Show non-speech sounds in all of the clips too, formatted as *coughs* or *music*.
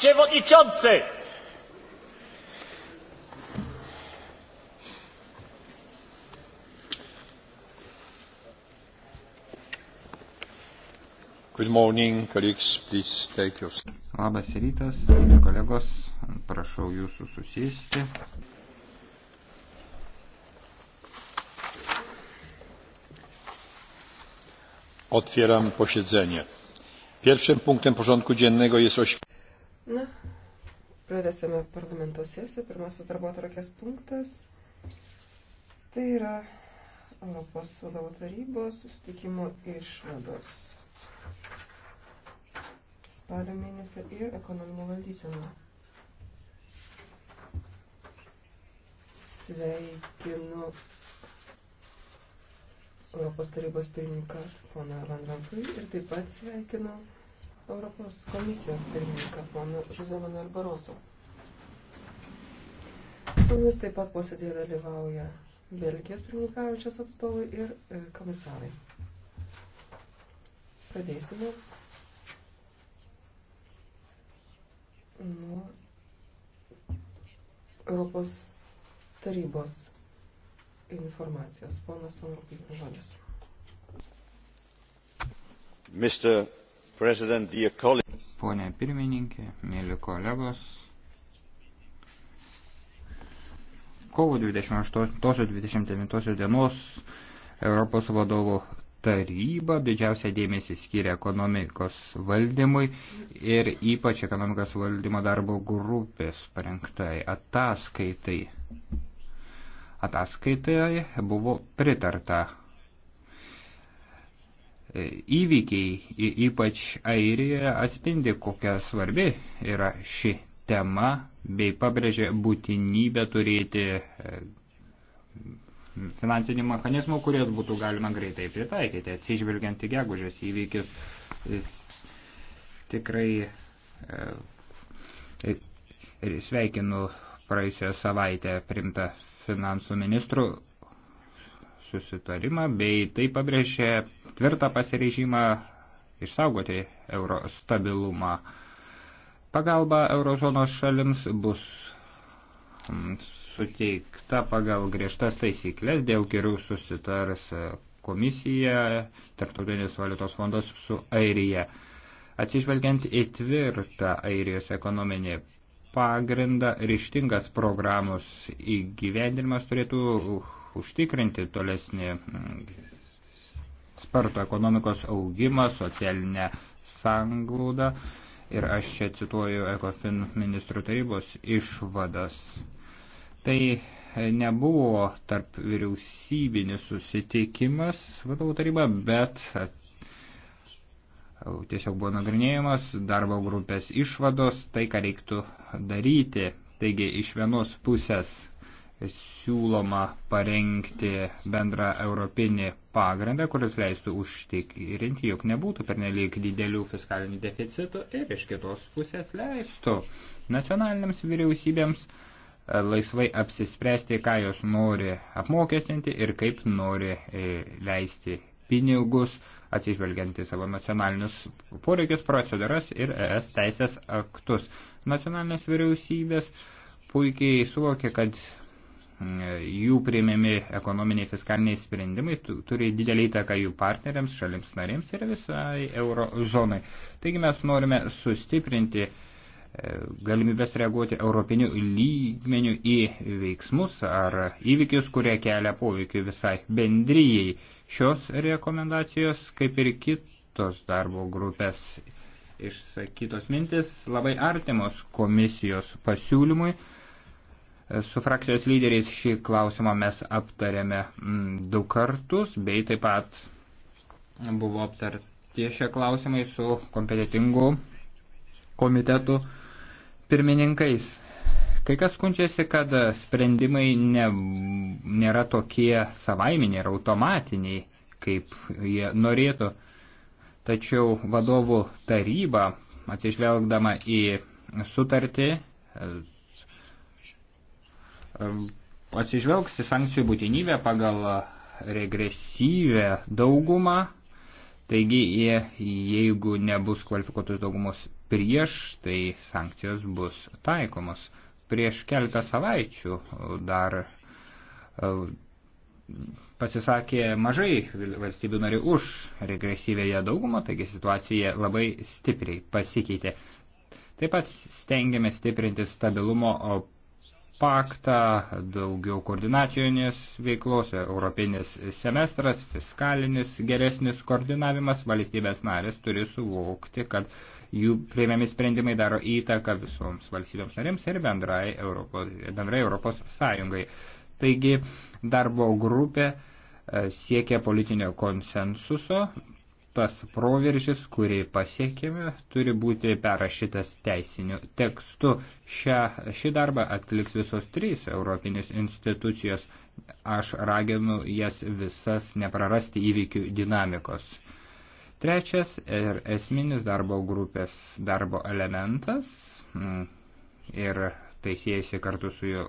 przewodniczący! Good morning, colleagues, please take your... Labas rytas, kolegos, prašau jūsų susėsti. Otwieram posiedzenie. Pierwszym punktem porządku dziennego jest oświadczenie tęsėme parlamento sesiją. Pirmasis darbo atrakės punktas. Tai yra Europos vadovo tarybos sustikimo išvados. Spalio mėnesio ir ekonominė valdysena. Sveikinu Europos tarybos pirmininką poną Van Rampui ir taip pat sveikinu Europos komisijos pirmininką poną Žuzę Manuel Baroso. Su mumis taip pat posėdėje dalyvauja Belgijos pirmininkaujančios atstovai ir e, komisarai. Pradėsime nuo Europos tarybos informacijos. Ponas Europinis žodis. Mr. President, dear colleagues. Pone pirmininkė, mėly kolegos, kovo 28-29 dienos Europos vadovų taryba didžiausia dėmesį skiria ekonomikos valdymui ir ypač ekonomikos valdymo darbo grupės parengtai ataskaitai. Ataskaitai buvo pritarta. Įvykiai, ypač Airijoje, atspindi, kokia svarbi yra ši tema bei pabrėžė būtinybę turėti e, finansinių mechanizmų, kurie būtų galima greitai pritaikyti, atsižvelgiant į gegužės įvykis. Tikrai e, e, sveikinu praėjusią savaitę primtą finansų ministrų susitarimą, bei tai pabrėžė tvirtą pasirežimą išsaugoti euro stabilumą. Pagalba eurozonos šalims bus mm, suteikta pagal griežtas taisyklės, dėl kurių susitars e, komisija, Tartutinis valiutos fondas su Airija. Atsižvelgiant į tvirtą Airijos ekonominį pagrindą, ryštingas programos įgyvendinimas turėtų užtikrinti tolesnį mm, spartų ekonomikos augimą, socialinę sanglaudą ir aš čia cituoju ECOFIN ministrų tarybos išvadas. Tai nebuvo tarp vyriausybinis susitikimas vadovų taryba, bet tiesiog buvo nagrinėjimas darbo grupės išvados, tai ką reiktų daryti. Taigi iš vienos pusės siūloma parengti bendrą europinį pagrindą, kuris leistų užtikrinti, jog nebūtų pernelyg didelių fiskalinių deficitų ir iš kitos pusės leistų nacionaliniams vyriausybėms e, laisvai apsispręsti, ką jos nori apmokestinti ir kaip nori e, leisti pinigus, atsižvelgiant į savo nacionalinius poreikius, procedūras ir ES teisės aktus. Nacionalinės vyriausybės puikiai suvokė, kad jų priimami ekonominiai fiskaliniai sprendimai turi didelį įtaką jų partneriams, šalims narėms ir visai eurozonai. Taigi mes norime sustiprinti e, galimybės reaguoti europinių lygmenių į veiksmus ar įvykius, kurie kelia poveikį visai bendryjei. Šios rekomendacijos, kaip ir kitos darbo grupės išsakytos mintis, labai artimos komisijos pasiūlymui Su frakcijos lyderiais šį klausimą mes aptarėme mm, du kartus, bei taip pat buvo aptarti šie klausimai su kompetitingu komitetu pirmininkais. Kai kas skunčiasi, kad sprendimai ne, nėra tokie savaiminiai ir automatiniai, kaip jie norėtų. Tačiau vadovų taryba, atsižvelgdama į sutartį, atsižvelgs į sankcijų būtinybę pagal regresyvę daugumą, taigi jeigu nebus kvalifikuotos daugumos prieš, tai sankcijos bus taikomos. Prieš keletą savaičių e, dar e, pasisakė mažai valstybių narių už regresyvėje daugumą, taigi situacija labai stipriai pasikeitė. Taip pat stengiamės stiprinti stabilumo paktą, daugiau koordinacijos veiklos, europinis semestras, fiskalinis geresnis koordinavimas, valstybės narės turi suvokti, kad jų prieimiami sprendimai daro įtaką visoms valstybėms narėms ir bendrai Europos, bendrai Europos Sąjungai. Taigi darbo grupė e, siekia politinio konsensuso, tas proveržis, kurį pasiekėme, turi būti perrašytas teisiniu tekstu. Šią, šį darbą atliks visos trys Europinės institucijos. Aš raginu jas visas neprarasti įvykių dinamikos. Trečias ir esminis darbo grupės darbo elementas mm, ir tai siejasi kartu su jo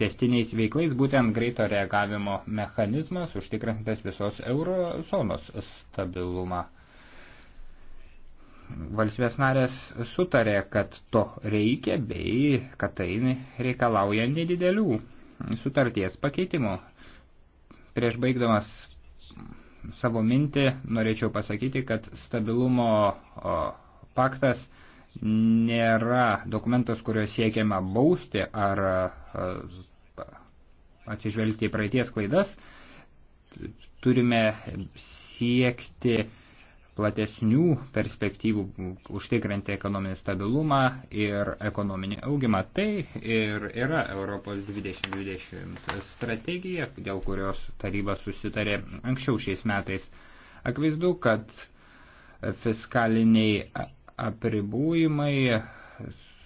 testiniais veiklais būtent greito reagavimo mechanizmas užtikrintas visos eurozonos stabilumą. Valstybės narės sutarė, kad to reikia bei kad tai reikalauja nedidelių sutarties pakeitimų. Prieš baigdamas savo mintį norėčiau pasakyti, kad stabilumo paktas nėra dokumentas, kurio siekiama bausti ar e, atsižvelgti į praeities klaidas, turime siekti platesnių perspektyvų, užtikrinti ekonominį stabilumą ir ekonominį augimą. Tai ir yra Europos 2020 strategija, dėl kurios taryba susitarė anksčiau šiais metais. Akivaizdu, kad fiskaliniai apribūjimai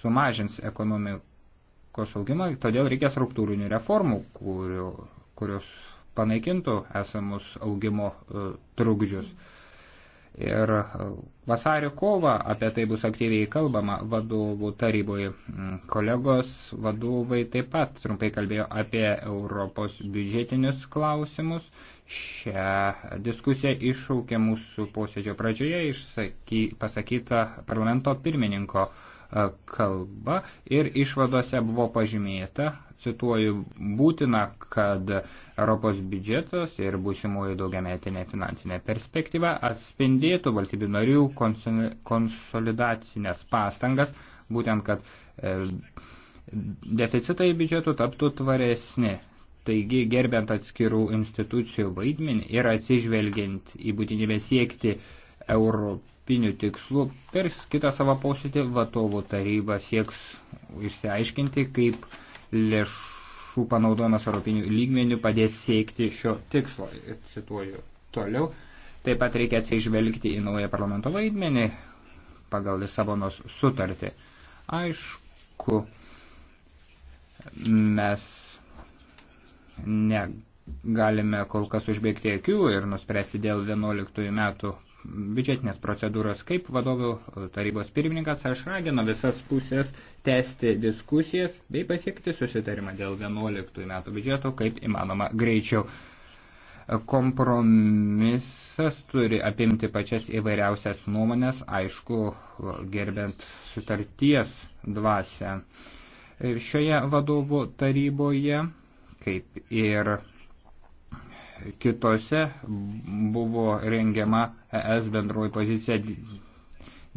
sumažins ekonomikos augimą, todėl reikia struktūrinių reformų, kurių, kurios panaikintų esamus augimo e, trukdžius. Ir e, vasario kovą apie tai bus aktyviai kalbama vadovų taryboje. Kolegos vadovai taip pat trumpai kalbėjo apie Europos biudžetinius klausimus Šią diskusiją iššaukė mūsų posėdžio pradžioje išsaky, pasakyta parlamento pirmininko e, kalba ir išvadose buvo pažymėta, cituoju, būtina, kad Europos biudžetas ir būsimųjų daugiametinė finansinė perspektyva atspindėtų valstybių narių konsolidacinės pastangas, būtent, kad e, deficitai biudžetų taptų tvaresni. Taigi, gerbiant atskirų institucijų vaidmenį ir atsižvelgiant į būtinybę siekti europinių tikslų, per kitą savo posėdį vadovų taryba sieks išsiaiškinti, kaip lėšų panaudojimas europinių lygmenių padės siekti šio tikslo. Cituoju toliau. Taip pat reikia atsižvelgti į naują parlamento vaidmenį pagal Lisabonos sutartį. Aišku, mes negalime kol kas užbėgti akių ir nuspręsti dėl 11 metų biudžetinės procedūros kaip vadovų tarybos pirmininkas aš raginu visas pusės tęsti diskusijas bei pasiekti susitarimą dėl 11 metų biudžeto kaip įmanoma greičiau. Kompromisas turi apimti pačias įvairiausias nuomonės, aišku, gerbent sutarties dvasę. Šioje vadovų taryboje kaip ir kitose buvo rengiama ES bendroji pozicija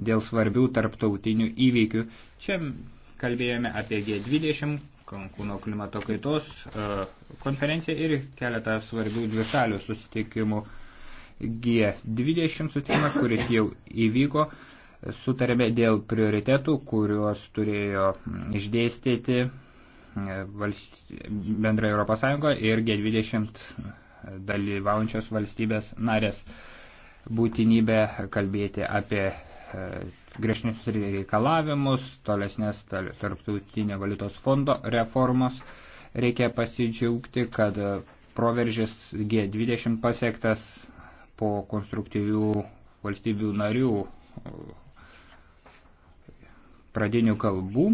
dėl svarbių tarptautinių įvykių. Čia kalbėjome apie G20, Kankūno klimato kaitos e, konferenciją ir keletą svarbių dvišalių susitikimų G20 sutikimą, kuris jau įvyko. Sutarėme dėl prioritetų, kuriuos turėjo išdėstyti bendrai Europos Sąjungoje ir G20 dalyvaujančios valstybės narės būtinybė kalbėti apie e, griežtinius reikalavimus, tolesnės tarptautinio valiutos fondo reformos. Reikia pasidžiaugti, kad proveržis G20 pasiektas po konstruktyvių valstybių narių e, pradinių kalbų.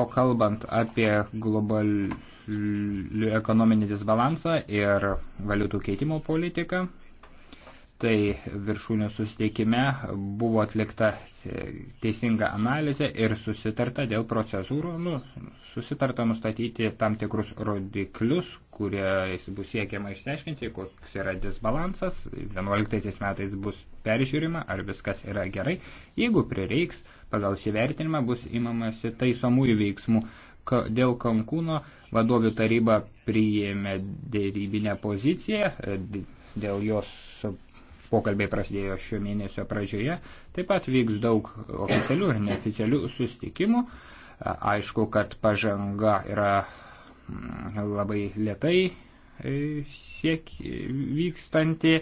O kalbant apie globalių ekonominį disbalansą ir valiutų keitimo politiką, tai viršūnių susitikime buvo atlikta teisinga analizė ir susitarta dėl procesūrų, nu, susitarta nustatyti tam tikrus rodiklius, kuriais bus siekiama išsiaiškinti, koks yra disbalansas, 11 metais bus peržiūrima, ar viskas yra gerai. Jeigu prireiks, pagal šį vertinimą bus imamasi taisomųjų veiksmų. Dėl Kankūno vadovių taryba priėmė dėrybinę poziciją, dėl jos Pokalbiai prasidėjo šio mėnesio pradžioje. Taip pat vyks daug oficialių ir neoficialių sustikimų. Aišku, kad pažanga yra mm, labai lietai e, siek vykstanti.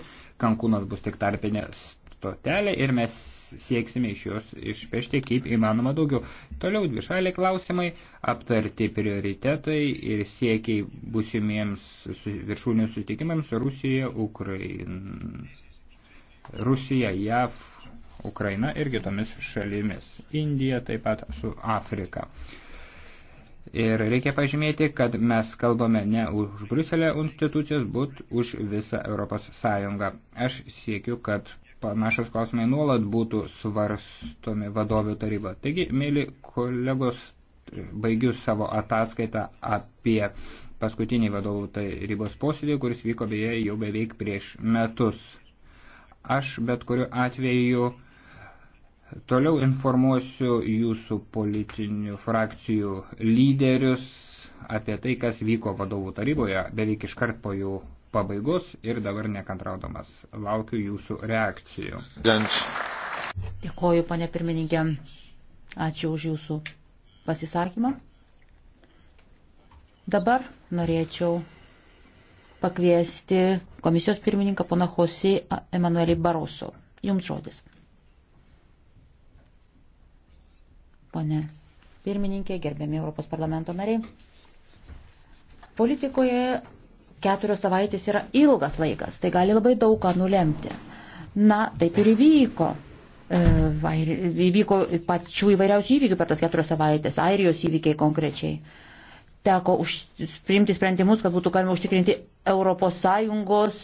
Kankūnas bus tik tarpinė stotelė ir mes sieksime iš jos išpešti kaip įmanoma daugiau. Toliau dvišaliai klausimai, aptarti prioritetai ir siekiai busimiems viršūnių sutikimams Rusija, Ukraina. Rusija, JAV, Ukraina ir kitomis šalimis. Indija taip pat su Afrika. Ir reikia pažymėti, kad mes kalbame ne už Bruselio institucijos, bet už visą Europos Sąjungą. Aš siekiu, kad panašus klausimai nuolat būtų svarstomi vadovių taryba. Taigi, mėly kolegos, baigiu savo ataskaitą apie paskutinį vadovų tarybos posėdį, kuris vyko beje jau beveik prieš metus. Aš bet kuriu atveju toliau informuosiu jūsų politinių frakcijų lyderius apie tai, kas vyko vadovų taryboje beveik iškart po jų pabaigos ir dabar nekantraudamas laukiu jūsų reakcijų. Dėkoju, ponė pirmininkė. Ačiū už jūsų pasisakymą. Dabar norėčiau pakviesti komisijos pirmininką pana Hosi Emanuelį Baroso. Jums žodis. Pone pirmininkė, gerbiami Europos parlamento nariai. Politikoje keturios savaitės yra ilgas laikas, tai gali labai daug ką nulemti. Na, taip ir įvyko. E, įvyko pačių įvairiausių įvykių per tas keturias savaitės, airijos įvykiai konkrečiai teko už, priimti sprendimus, kad būtų galima užtikrinti ES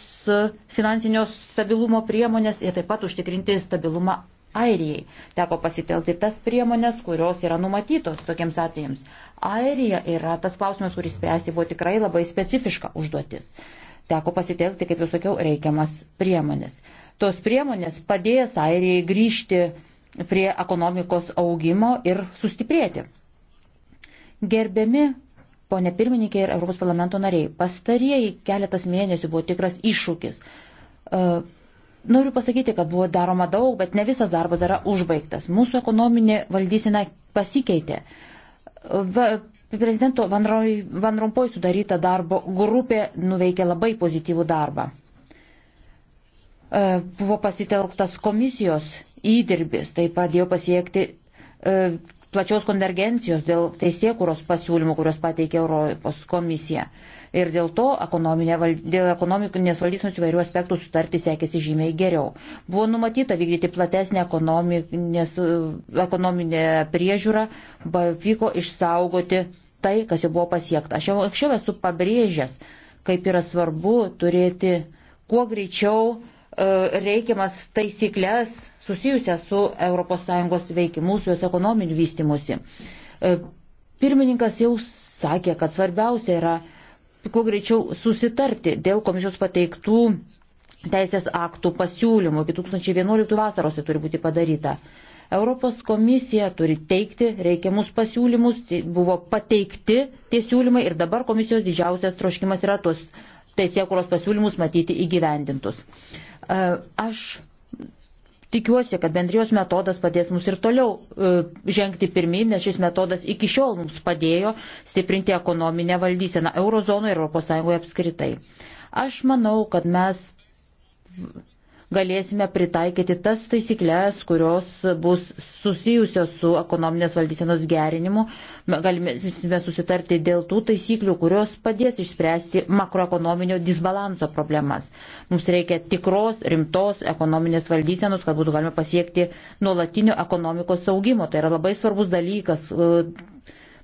finansinio stabilumo priemonės ir taip pat užtikrinti stabilumą Airijai. Teko pasitelti tas priemonės, kurios yra numatytos tokiems atvejams. Airija yra tas klausimas, kuris spręsti buvo tikrai labai specifiška užduotis. Teko pasitelkti, kaip jau sakiau, reikiamas priemonės. Tos priemonės padės Airijai grįžti prie ekonomikos augimo ir sustiprėti. Gerbiami Pone pirmininkė ir Europos parlamento nariai, pastarieji keletas mėnesių buvo tikras iššūkis. E, noriu pasakyti, kad buvo daroma daug, bet ne visas darbas yra užbaigtas. Mūsų ekonominė valdysena pasikeitė. Va, prezidento Van, Roy, Van Rompoj sudaryta darbo grupė nuveikė labai pozityvų darbą. E, buvo pasitelktas komisijos įdirbis, tai padėjo pasiekti e, plačios konvergencijos dėl teisėkuros pasiūlymų, kurios pateikė Europos komisija. Ir dėl to ekonominė, dėl ekonominės valdysenos įvairių aspektų sutartys sekėsi žymiai geriau. Buvo numatyta vykdyti platesnę ekonominę priežiūrą, pavyko išsaugoti tai, kas jau buvo pasiekta. Aš jau anksčiau esu pabrėžęs, kaip yra svarbu turėti kuo greičiau E, reikiamas taisyklės susijusias su ES veikimu, su jos ekonominiu vystimusi. E, pirmininkas jau sakė, kad svarbiausia yra kuo greičiau susitarti dėl komisijos pateiktų teisės aktų pasiūlymų. Iki 2011 vasaros tai turi būti padaryta. Europos komisija turi teikti reikiamus pasiūlymus, tai buvo pateikti tie siūlymai ir dabar komisijos didžiausias troškimas yra tos teisėkuros pasiūlymus matyti įgyvendintus. E, aš tikiuosi, kad bendrijos metodas padės mums ir toliau e, žengti pirmin, nes šis metodas iki šiol mums padėjo stiprinti ekonominę valdyseną Eurozonoje ir ES apskritai. Aš manau, kad mes galėsime pritaikyti tas taisyklės, kurios bus susijusios su ekonominės valdysenos gerinimu. Galime susitarti dėl tų taisyklių, kurios padės išspręsti makroekonominio disbalanso problemas. Mums reikia tikros, rimtos ekonominės valdysenos, kad būtų galima pasiekti nuolatinio ekonomikos augimo. Tai yra labai svarbus dalykas e,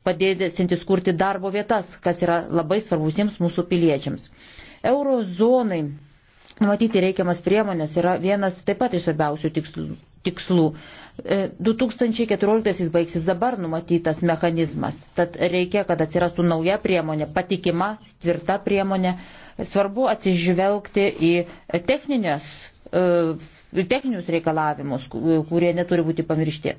padėdėsintis kurti darbo vietas, kas yra labai svarbus jiems mūsų piliečiams. Eurozonai Matyti reikiamas priemonės yra vienas taip pat iš svarbiausių tikslų. 2014 e, baigsis dabar numatytas mechanizmas, tad reikia, kad atsirastų nauja priemonė, patikima, tvirta priemonė. Svarbu atsižvelgti į techninės, e, techninius reikalavimus, kurie neturi būti pamiršti.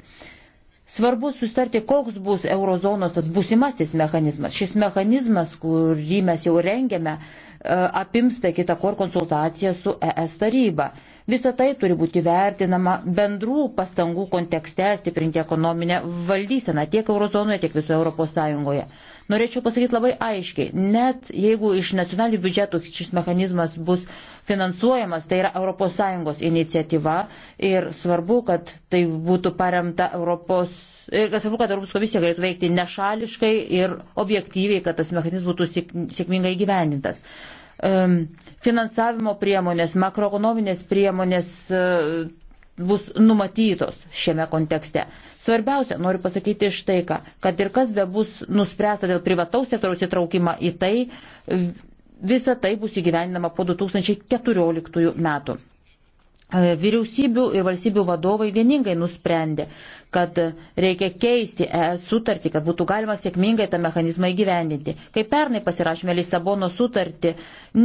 Svarbu sustarti, koks bus eurozonos tas būsimasis mechanizmas. Šis mechanizmas, kurį mes jau rengiame, E, apims be kita kor konsultaciją su ES taryba. Visą tai turi būti vertinama bendrų pastangų kontekste stiprinti ekonominę valdyseną tiek eurozonoje, tiek visoje ES. Norėčiau pasakyti labai aiškiai, net jeigu iš nacionalinių biudžetų šis mechanizmas bus uh, finansuojamas, tai yra ES iniciatyva ir svarbu, kad tai būtų paremta Europos. Ir kas svarbu, kad Europos komisija galėtų veikti nešališkai ir objektyviai, kad tas mechanizmas būtų sėkmingai gyvendintas. Finansavimo priemonės, makroekonominės priemonės e, bus numatytos šiame kontekste. Svarbiausia, noriu pasakyti iš tai, kad ir kas be bus nuspręsta dėl privataus sektoriaus įtraukimą į tai, Visa tai bus įgyvendinama po 2014 metų. E, vyriausybių ir valstybių vadovai vieningai nusprendė, kad reikia keisti ES sutartį, kad būtų galima sėkmingai tą mechanizmą įgyvendinti. Kai pernai pasirašėme Lisabono sutartį,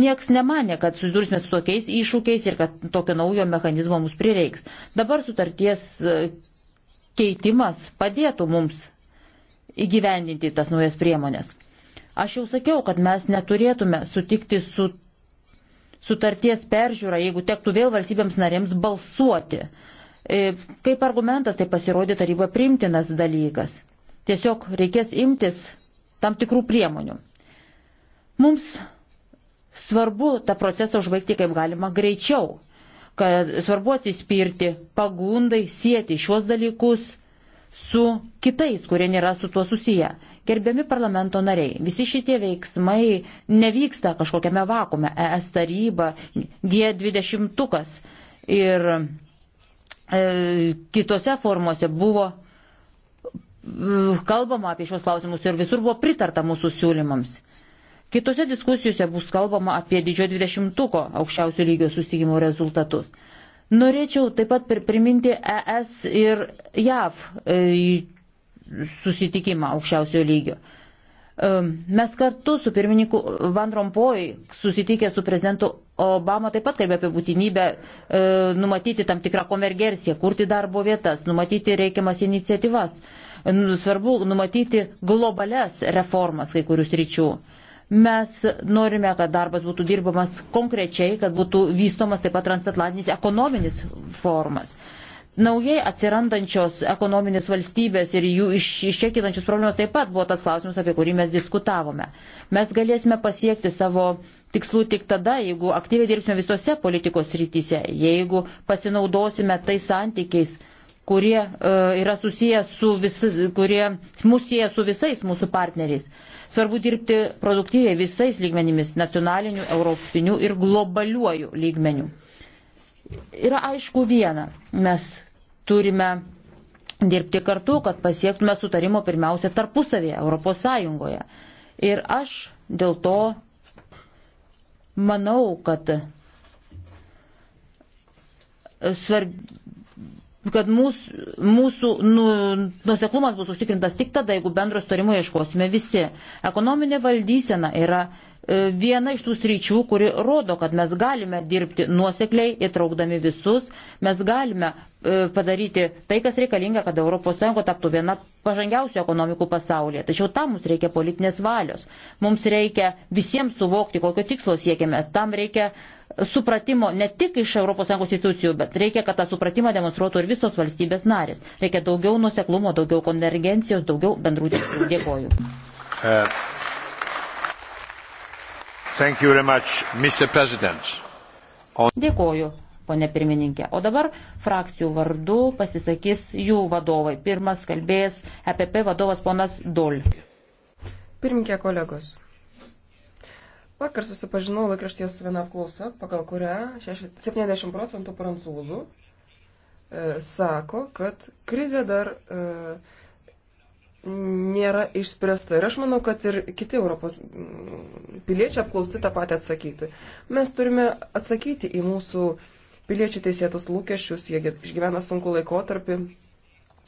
nieks nemanė, kad susidursime su tokiais iššūkiais ir kad tokio naujo mechanizmo mums prireiks. Dabar sutarties e, keitimas padėtų mums įgyvendinti tas naujas priemonės. Aš jau sakiau, kad mes neturėtume sutikti su sutarties peržiūra, jeigu tektų vėl valstybėms narėms balsuoti. E, kaip argumentas tai pasirodė taryba primtinas dalykas. Tiesiog reikės imtis tam tikrų priemonių. Mums svarbu tą procesą užbaigti kaip galima greičiau, kad svarbu atsispirti pagundai sieti šiuos dalykus su kitais, kurie nėra su tuo susiję. Gerbiami parlamento nariai, visi šitie veiksmai nevyksta kažkokiame vakume. ES taryba, G20 ir e, kitose formuose buvo kalbama apie šios klausimus ir visur buvo pritarta mūsų siūlymams. Kitose diskusijose bus kalbama apie didžiojo dvidešimtuko aukščiausių lygio susitikimų rezultatus. Norėčiau taip pat priminti ES ir JAV susitikimą aukščiausio lygio. Mes kartu su pirmininku Van Rompoj susitikę su prezidentu Obama taip pat kalbėjo apie būtinybę e, numatyti tam tikrą konvergenciją, kurti darbo vietas, numatyti reikiamas iniciatyvas. Svarbu numatyti globales reformas kai kurius ryčių. Mes norime, kad darbas būtų dirbamas konkrečiai, kad būtų vystomas taip pat transatlantinis ekonominis formas. E, Naujai atsirandančios ekonominės valstybės ir jų iš, iš čia kilančios problemos taip pat buvo tas klausimas, apie kurį mes diskutavome. Mes galėsime pasiekti savo tikslų tik tada, jeigu aktyviai dirbsime visose politikos rytise, jeigu pasinaudosime tais santykiais, kurie e, yra susiję su, vis, kurie susiję su visais mūsų partneriais. Svarbu dirbti produktyviai visais lygmenimis - nacionaliniu, europiniu ir globaliuoju lygmeniu yra aišku viena. Mes turime dirbti kartu, kad pasiektume sutarimo pirmiausia tarpusavėje, Europos Sąjungoje. Ir aš dėl to manau, kad, svarb... kad mūsų, mūsų nu, nuseklumas bus užtikrintas tik tada, jeigu bendro sutarimo ieškosime visi. Ekonominė valdysena yra E, viena iš tų sričių, kuri rodo, kad mes galime dirbti nuosekliai, įtraukdami visus, mes galime e, padaryti tai, kas reikalinga, kad ES taptų viena pažangiausių ekonomikų pasaulyje. Tačiau tam mums reikia politinės valios. Mums reikia visiems suvokti, kokio tikslo siekiame. Tam reikia supratimo ne tik iš ES institucijų, bet reikia, kad tą supratimą demonstruotų ir visos valstybės narės. Reikia daugiau nuseklumo, daugiau konvergencijos, daugiau bendrų tikslų. Dėkoju. Uh. Much, On... Dėkoju, ponė pirmininkė. O dabar frakcijų vardu pasisakys jų vadovai. Pirmas kalbės EPP vadovas ponas Dol. Pirmininkė kolegos. Vakar susipažinau laikraštyje su viena apklausa, pagal kurią 70 procentų prancūzų e, sako, kad krizė dar e, nėra išspręsta. Ir aš manau, kad ir kiti Europos piliečiai apklausti tą patį atsakyti. Mes turime atsakyti į mūsų piliečių teisėtus lūkesčius, jie išgyvena sunku laikotarpį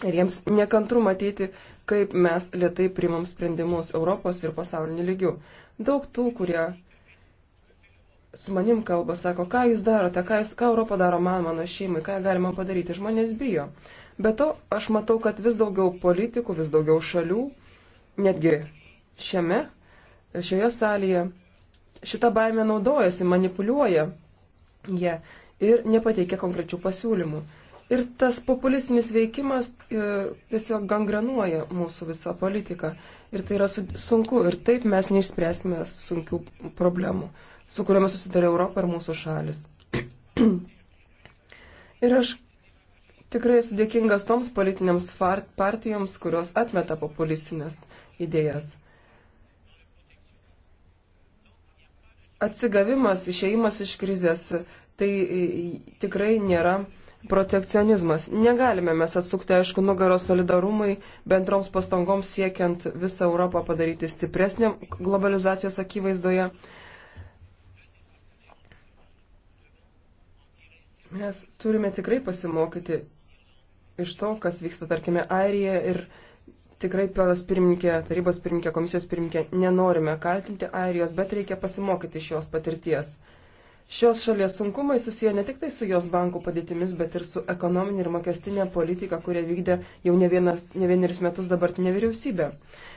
ir jiems nekantru matyti, kaip mes lietai primam sprendimus Europos ir pasauliniu lygiu. Daug tų, kurie su manim kalba, sako, ką jūs darote, ką, jūs, ką Europa daro man, mano šeimai, ką galima padaryti, žmonės bijo. Be to, aš matau, kad vis daugiau politikų, vis daugiau šalių, netgi šiame, šioje salėje, šitą baimę naudojasi, manipuliuoja jie ja, ir nepateikia konkrečių pasiūlymų. Ir tas populistinis veikimas e, tiesiog gangrenuoja mūsų visą politiką. Ir tai yra su, sunku. Ir taip mes neišspręsime sunkių problemų, su kuriomis susidarė Europą ir mūsų šalis. *clears throat* ir aš Tikrai esu dėkingas toms politinėms partijoms, kurios atmeta populistinės idėjas. Atsigavimas, išeimas iš krizės, tai e, tikrai nėra protekcionizmas. Negalime mes atsukti, aišku, nugaro solidarumui, bendroms pastangoms siekiant visą Europą padaryti stipresnė globalizacijos akivaizdoje. Mes turime tikrai pasimokyti iš to, kas vyksta, tarkime, Airija ir tikrai pėlas pirmininkė, tarybos pirmininkė, komisijos pirmininkė, nenorime kaltinti Airijos, bet reikia pasimokyti iš jos patirties. Šios šalies sunkumai susiję ne tik tai su jos bankų padėtimis, bet ir su ekonominė ir mokestinė politika, kurią vykdė jau ne, vienas, ne vienerius metus dabartinė vyriausybė.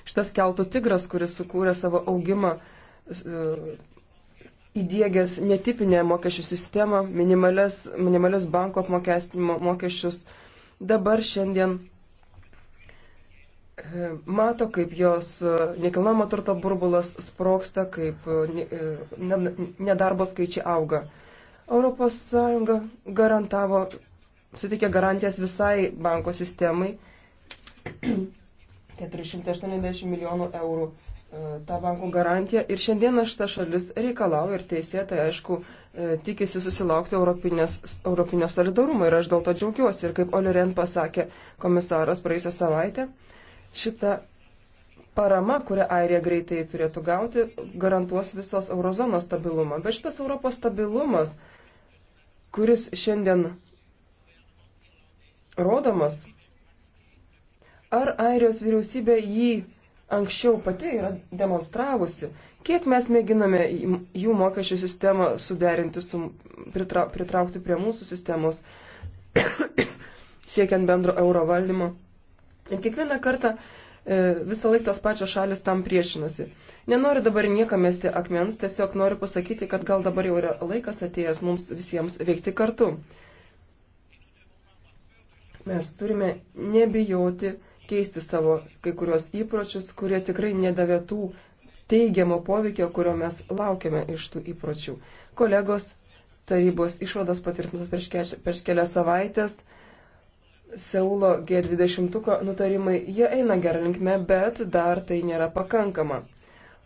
Šitas keltų tigras, kuris sukūrė savo augimą, e, įdėgęs netipinę mokesčių sistemą, minimales, minimales banko apmokestinimo mokesčius, mokesčius dabar šiandien e, mato, kaip jos e, nekilnojamo turto burbulas sproksta, kaip e, nedarbo skaičiai auga. ES garantavo, suteikė garantijas visai banko sistemai 480 *clears throat* milijonų eurų tą bankų garantiją ir šiandien šita šalis reikalauja ir teisėtai, aišku, E, tikisi susilaukti europinės, europinio solidarumo ir aš dėl to džiaugiuosi. Ir kaip Oliren pasakė komisaras praėjusią savaitę, šita parama, kurią Airija greitai turėtų gauti, garantuos visos eurozonos stabilumą. Bet šitas Europos stabilumas, kuris šiandien rodomas, ar Airijos vyriausybė jį anksčiau pati yra demonstravusi Kiek mes mėginame jų mokesčių sistemą suderinti, su, pritra, pritraukti prie mūsų sistemos, *coughs* siekiant bendro euro valdymo. Ir kiekvieną kartą e, visą laiką tos pačios šalis tam priešinasi. Nenoriu dabar niekam mesti akmens, tiesiog noriu pasakyti, kad gal dabar jau yra laikas atėjęs mums visiems veikti kartu. Mes turime nebijoti keisti savo kai kurios įpročius, kurie tikrai nedavė tų teigiamo poveikio, kurio mes laukiame iš tų įpročių. Kolegos, tarybos išvados patvirtintos prieš kelias savaitės. Seulo G20 nutarimai, jie eina gerą linkme, bet dar tai nėra pakankama.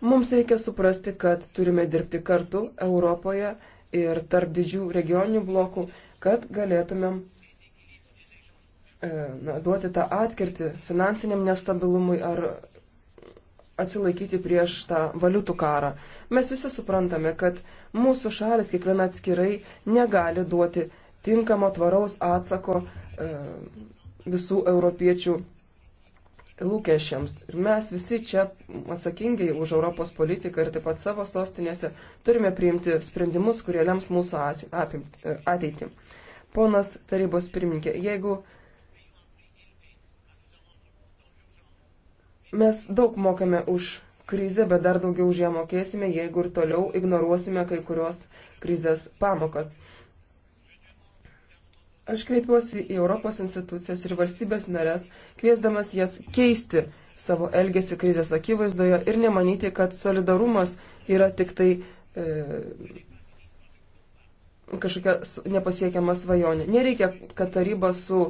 Mums reikia suprasti, kad turime dirbti kartu Europoje ir tarp didžių regioninių blokų, kad galėtumėm e, na, duoti tą atkirtį finansiniam nestabilumui ar atsilaikyti prieš tą valiutų karą. Mes visi suprantame, kad mūsų šalis kiekviena atskirai negali duoti tinkamo tvaraus atsako e, visų europiečių lūkesčiams. Ir mes visi čia atsakingai už Europos politiką ir taip pat savo sostinėse turime priimti sprendimus, kurie lems mūsų e, ateitį. Ponas tarybos pirmininkė, jeigu Mes daug mokame už krizę, bet dar daugiau už ją mokėsime, jeigu ir toliau ignoruosime kai kurios krizės pamokas. Aš kreipiuosi į Europos institucijas ir valstybės narės, kviesdamas jas keisti savo elgesį krizės akivaizdoje ir nemanyti, kad solidarumas yra tik tai e, kažkokia nepasiekiama svajonė. Nereikia, kad taryba su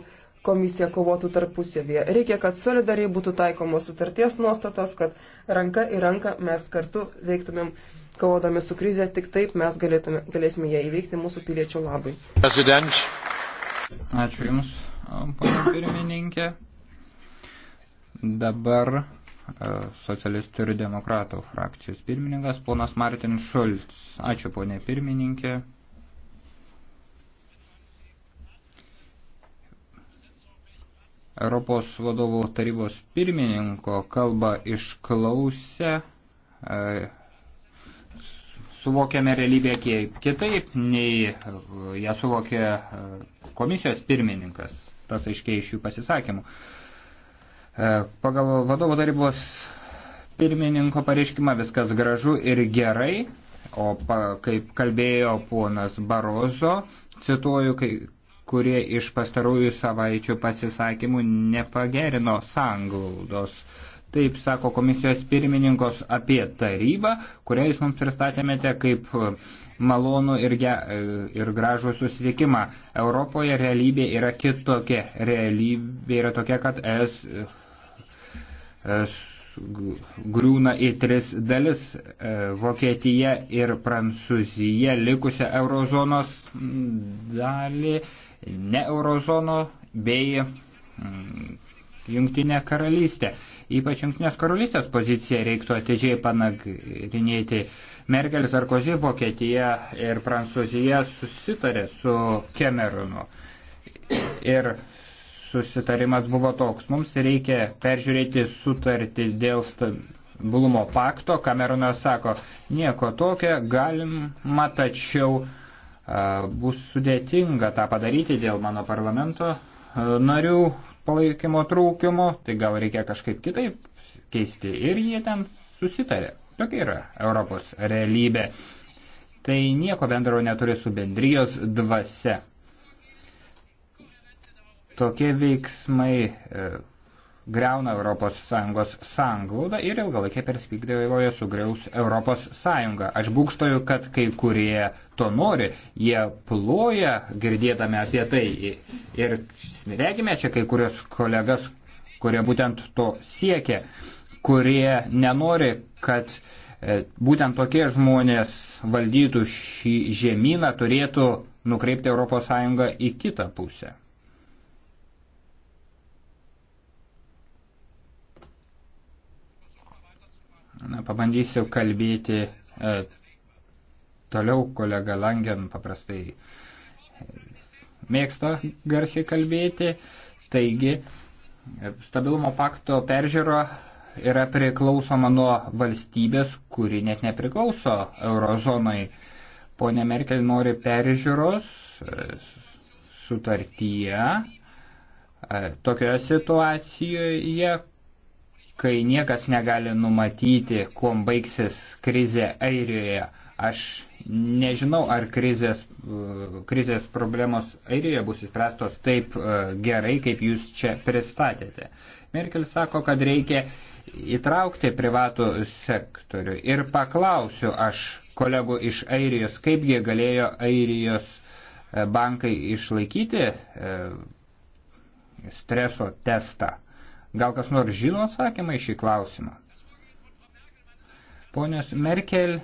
komisija kovotų tarpusavėje. Reikia, kad solidariai būtų taikomos sutarties nuostatos, kad ranka į ranką mes kartu veiktumėm kovodami su krize, tik taip mes galėtume, galėsime ją įveikti mūsų piliečių labai. President. Ačiū Jums, pana pirmininkė. Dabar e, socialistų ir demokratų frakcijos pirmininkas, ponas Martin Šulc. Ačiū, ponė pirmininkė. Europos vadovų tarybos pirmininko kalbą išklausę e, suvokiame realybę kiek kitaip, nei e, ją suvokė e, komisijos pirmininkas, tas aiškiai iš jų pasisakymų. Pagal vadovo tarybos pirmininko pareiškimą viskas gražu ir gerai, o pa, kaip kalbėjo ponas Barozo, cituoju, kai kurie iš pastarųjų savaičių pasisakymų nepagerino sanglaudos. Taip sako komisijos pirmininkos apie tarybą, kurią jūs mums pristatėmėte kaip malonų ir, ge, ir gražų susitikimą. Europoje realybė yra kitokia. Realybė yra tokia, kad es, es grūna į tris dalis e, - Vokietija ir Prancūzija, likusią eurozonos dalį ne eurozono bei mm, Jungtinė karalystė. Ypač Jungtinės karalystės poziciją reiktų atidžiai panagrinėti. Merkel, Sarkozy, Vokietija ir Prancūzija susitarė su Kemerunu. Ir susitarimas buvo toks. Mums reikia peržiūrėti sutartį dėl stabilumo pakto. Kamerunas sako, nieko tokio, galima tačiau Bus sudėtinga tą padaryti dėl mano parlamento narių palaikymo trūkumo, tai gal reikia kažkaip kitaip keisti ir jie ten susitarė. Tokia yra Europos realybė. Tai nieko bendro neturi su bendrijos dvasia. Tokie veiksmai e, greuna ES sanglaudą ir ilgalaikė perspektyvoje sugriaus ES. Aš būkštoju, kad kai kurie to nori, jie ploja girdėdami apie tai. Ir regime čia kai kurios kolegas, kurie būtent to siekia, kurie nenori, kad e, būtent tokie žmonės valdytų šį žemyną, turėtų nukreipti ES į kitą pusę. Na, pabandysiu kalbėti e, toliau, kolega Langen paprastai e, mėgsta garsiai kalbėti. Taigi, e, stabilumo pakto peržiūro yra priklausoma nuo valstybės, kuri net nepriklauso eurozonai. Pone Merkel nori peržiūros e, sutartyje tokioje situacijoje, kai niekas negali numatyti, kuom baigsis krizė Airijoje. Aš nežinau, ar krizės, e, krizės problemos Airijoje bus įspręstos taip e, gerai, kaip jūs čia pristatėte. Merkel sako, kad reikia įtraukti privatų sektorių. Ir paklausiu aš kolegų iš Airijos, kaipgi galėjo Airijos e, bankai išlaikyti streso testą. Gal kas nors žino atsakymą į šį klausimą? Ponios Merkel e,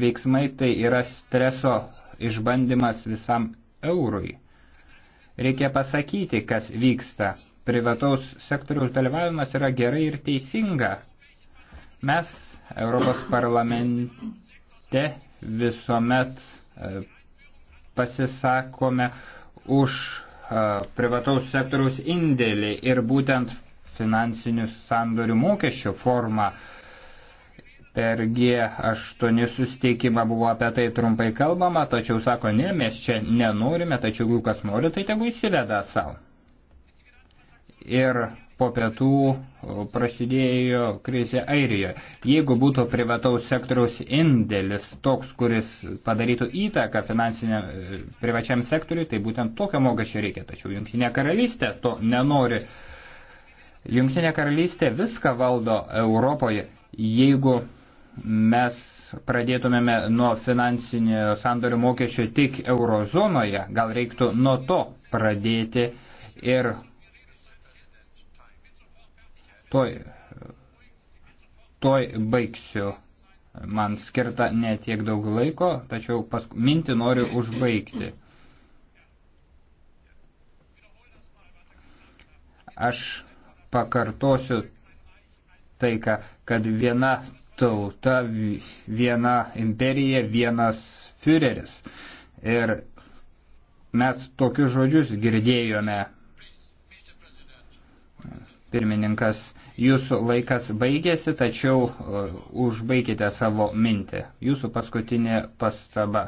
veiksmai tai yra streso išbandymas visam eurui. Reikia pasakyti, kas vyksta. Privataus sektoriaus dalyvavimas yra gerai ir teisinga. Mes Europos parlamente visuomet e, pasisakome už E, privataus sektoriaus indėlį ir būtent finansinių sandorių mokesčio formą. Per G8 susteikimą buvo apie tai trumpai kalbama, tačiau sako, ne, mes čia nenorime, tačiau jeigu kas nori, tai tegu įsiveda savo. Ir po pietų prasidėjo krizė Airijoje. Jeigu būtų privataus sektoriaus indėlis toks, kuris padarytų įtaką finansiniam e, privačiam sektoriui, tai būtent tokio mokesčio reikia. Tačiau Junktinė karalystė to nenori. Junktinė karalystė viską valdo Europoje. Jeigu mes pradėtumėme nuo finansinio sandorio mokesčio tik eurozonoje, gal reiktų nuo to pradėti ir Toj, toj baigsiu. Man skirta ne tiek daug laiko, tačiau pas, mintį noriu užbaigti. Aš pakartosiu tai, kad viena tauta, viena imperija, vienas fiureris. Ir mes tokius žodžius girdėjome. Pirmininkas Jūsų laikas baigėsi, tačiau e, užbaikite savo mintį. Jūsų paskutinė pastaba.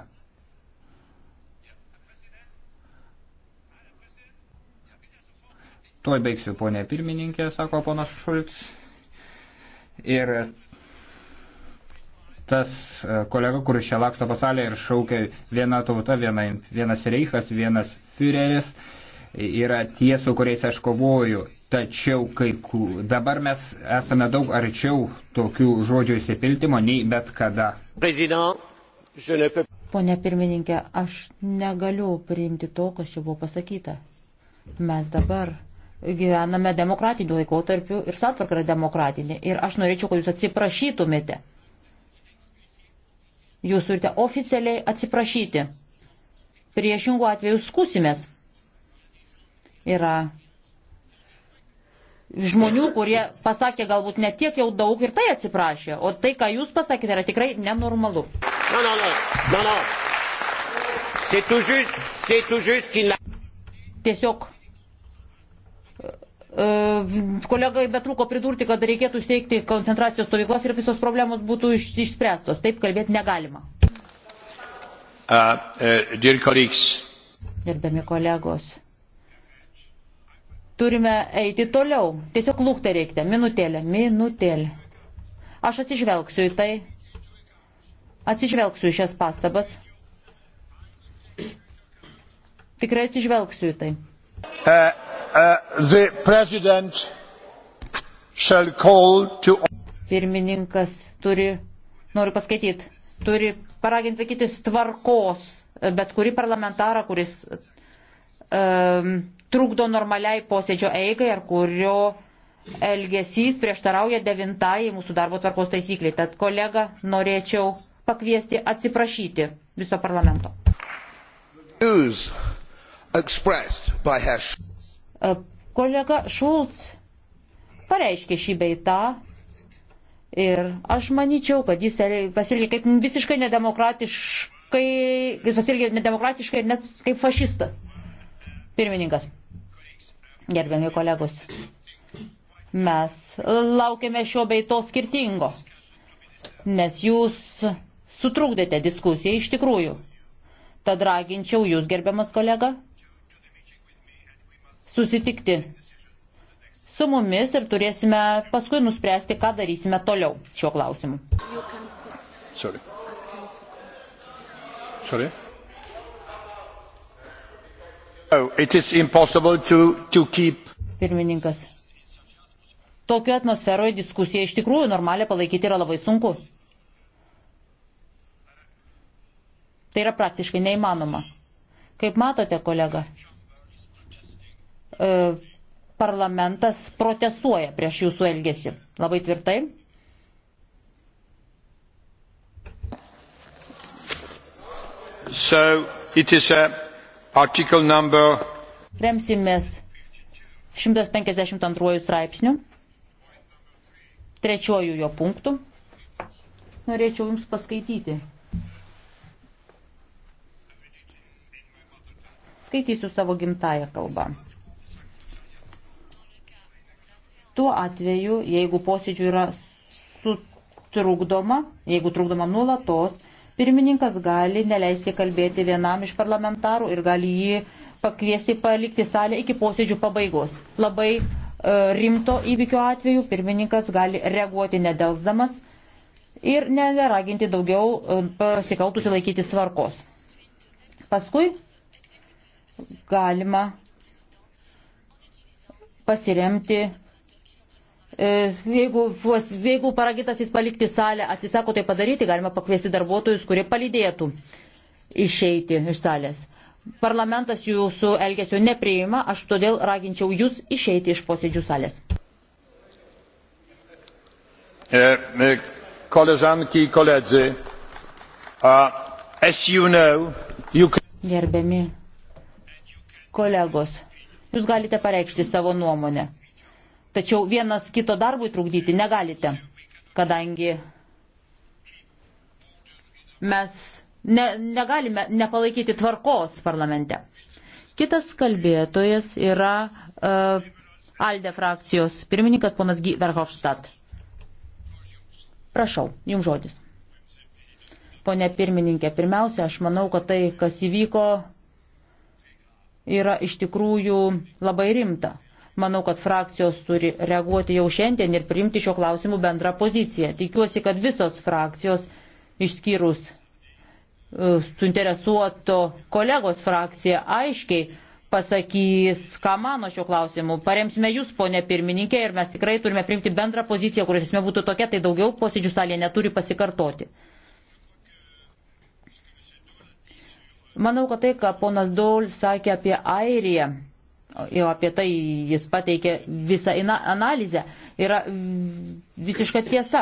Tuoj baigsiu, ponė pirmininkė, sako ponas Šulc. Ir tas e, kolega, kuris čia laksto pasalė ir šaukia viena tauta, viena, vienas reichas, vienas füreris, yra tie, su kuriais aš kovoju. Tačiau kai dabar mes esame daug arčiau tokių žodžių įsipiltimo nei bet kada. Pone pirmininkė, aš negaliu priimti to, kas čia buvo pasakyta. Mes dabar gyvename demokratiniu laikotarpiu ir santvarka yra demokratinė. Ir aš norėčiau, kad jūs atsiprašytumėte. Jūs turite oficialiai atsiprašyti. Priešingų atveju skusimės. Yra žmonių, kurie pasakė galbūt ne tiek jau daug ir tai atsiprašė. O tai, ką jūs pasakėte, yra tikrai nenormalu. No, no, no. no, no. Just, Tiesiog e, kolegai betruko pridurti, kad reikėtų steigti koncentracijos stovyklas ir visos problemos būtų iš, išspręstos. Taip kalbėti negalima. Uh, uh, Gerbiami kolegos turime eiti toliau. Tiesiog lūkti reikia. Minutėlė, minutėlė. Aš atsižvelgsiu į tai. Atsižvelgsiu į šias pastabas. Tikrai atsižvelgsiu į tai. Uh, uh, to... Pirmininkas turi, noriu paskaityti, turi paraginti sakytis tvarkos, bet kuri parlamentarą, kuris um, uh, trukdo normaliai posėdžio eigai ar kurio elgesys prieštarauja devintajai mūsų darbo tvarkos taisykliai. Tad kolega norėčiau pakviesti atsiprašyti viso parlamento. E, kolega Šulc pareiškė šį beitą ir aš manyčiau, kad jis pasielgė kaip visiškai nedemokratiškai, jis pasielgė nedemokratiškai ir net kaip fašistas. Pirmininkas gerbiami kolegos. Mes laukiame šio beito skirtingo, nes jūs sutrukdėte diskusiją iš tikrųjų. Tad raginčiau jūs, gerbiamas kolega, susitikti su mumis ir turėsime paskui nuspręsti, ką darysime toliau šiuo klausimu. Sorry. Sorry? Oh, to, to keep... Pirmininkas. Tokio atmosferoje diskusiją iš tikrųjų normalią palaikyti yra labai sunku. Tai yra praktiškai neįmanoma. Kaip matote, kolega, e, parlamentas protestuoja prieš jūsų elgesį. Labai tvirtai. So, it is a Number... Remsimės 152 straipsnių, trečiojų jo punktų. Norėčiau Jums paskaityti. Skaitysiu savo gimtają kalbą. Tuo atveju, jeigu posėdžių yra sutrukdoma, jeigu trukdoma nulatos, Pirmininkas gali neleisti kalbėti vienam iš parlamentarų ir gali jį pakviesti palikti salę iki posėdžių pabaigos. Labai e, rimto įvykio atveju pirmininkas gali reaguoti nedelsdamas ir neraginti daugiau e, pasikautusių laikytis tvarkos. Paskui galima pasiremti E, jeigu, jeigu paragytas jis palikti salę, atsisako tai padaryti, galima pakviesti darbuotojus, kurie palydėtų išeiti iš salės. Parlamentas jūsų elgesio nepriima, aš todėl raginčiau jūs išeiti iš posėdžių salės. E, e, koleżanki i koledzy, as you know, you can... Gerbiami kolegos, jūs galite pareikšti savo nuomonę. Tačiau vienas kito darbui trukdyti negalite, kadangi mes ne, negalime nepalaikyti tvarkos parlamente. Kitas kalbėtojas yra uh, Alde frakcijos pirmininkas ponas G. Verhofstadt. Prašau, jums žodis. Pone pirmininkė, pirmiausia, aš manau, kad tai, kas įvyko, yra iš tikrųjų labai rimta. Manau, kad frakcijos turi reaguoti jau šiandien ir priimti šio klausimų bendrą poziciją. Tikiuosi, kad visos frakcijos, išskyrus e, suinteresuoto kolegos frakcija, aiškiai pasakys, ką mano šio klausimu. Paremsime jūs, ponė pirmininkė, ir mes tikrai turime priimti bendrą poziciją, kuris esmė būtų tokia, tai daugiau posėdžių salėje neturi pasikartoti. Manau, kad tai, ką ponas Dol sakė apie Airiją, jau apie tai jis pateikė visą analizę, yra visiška tiesa.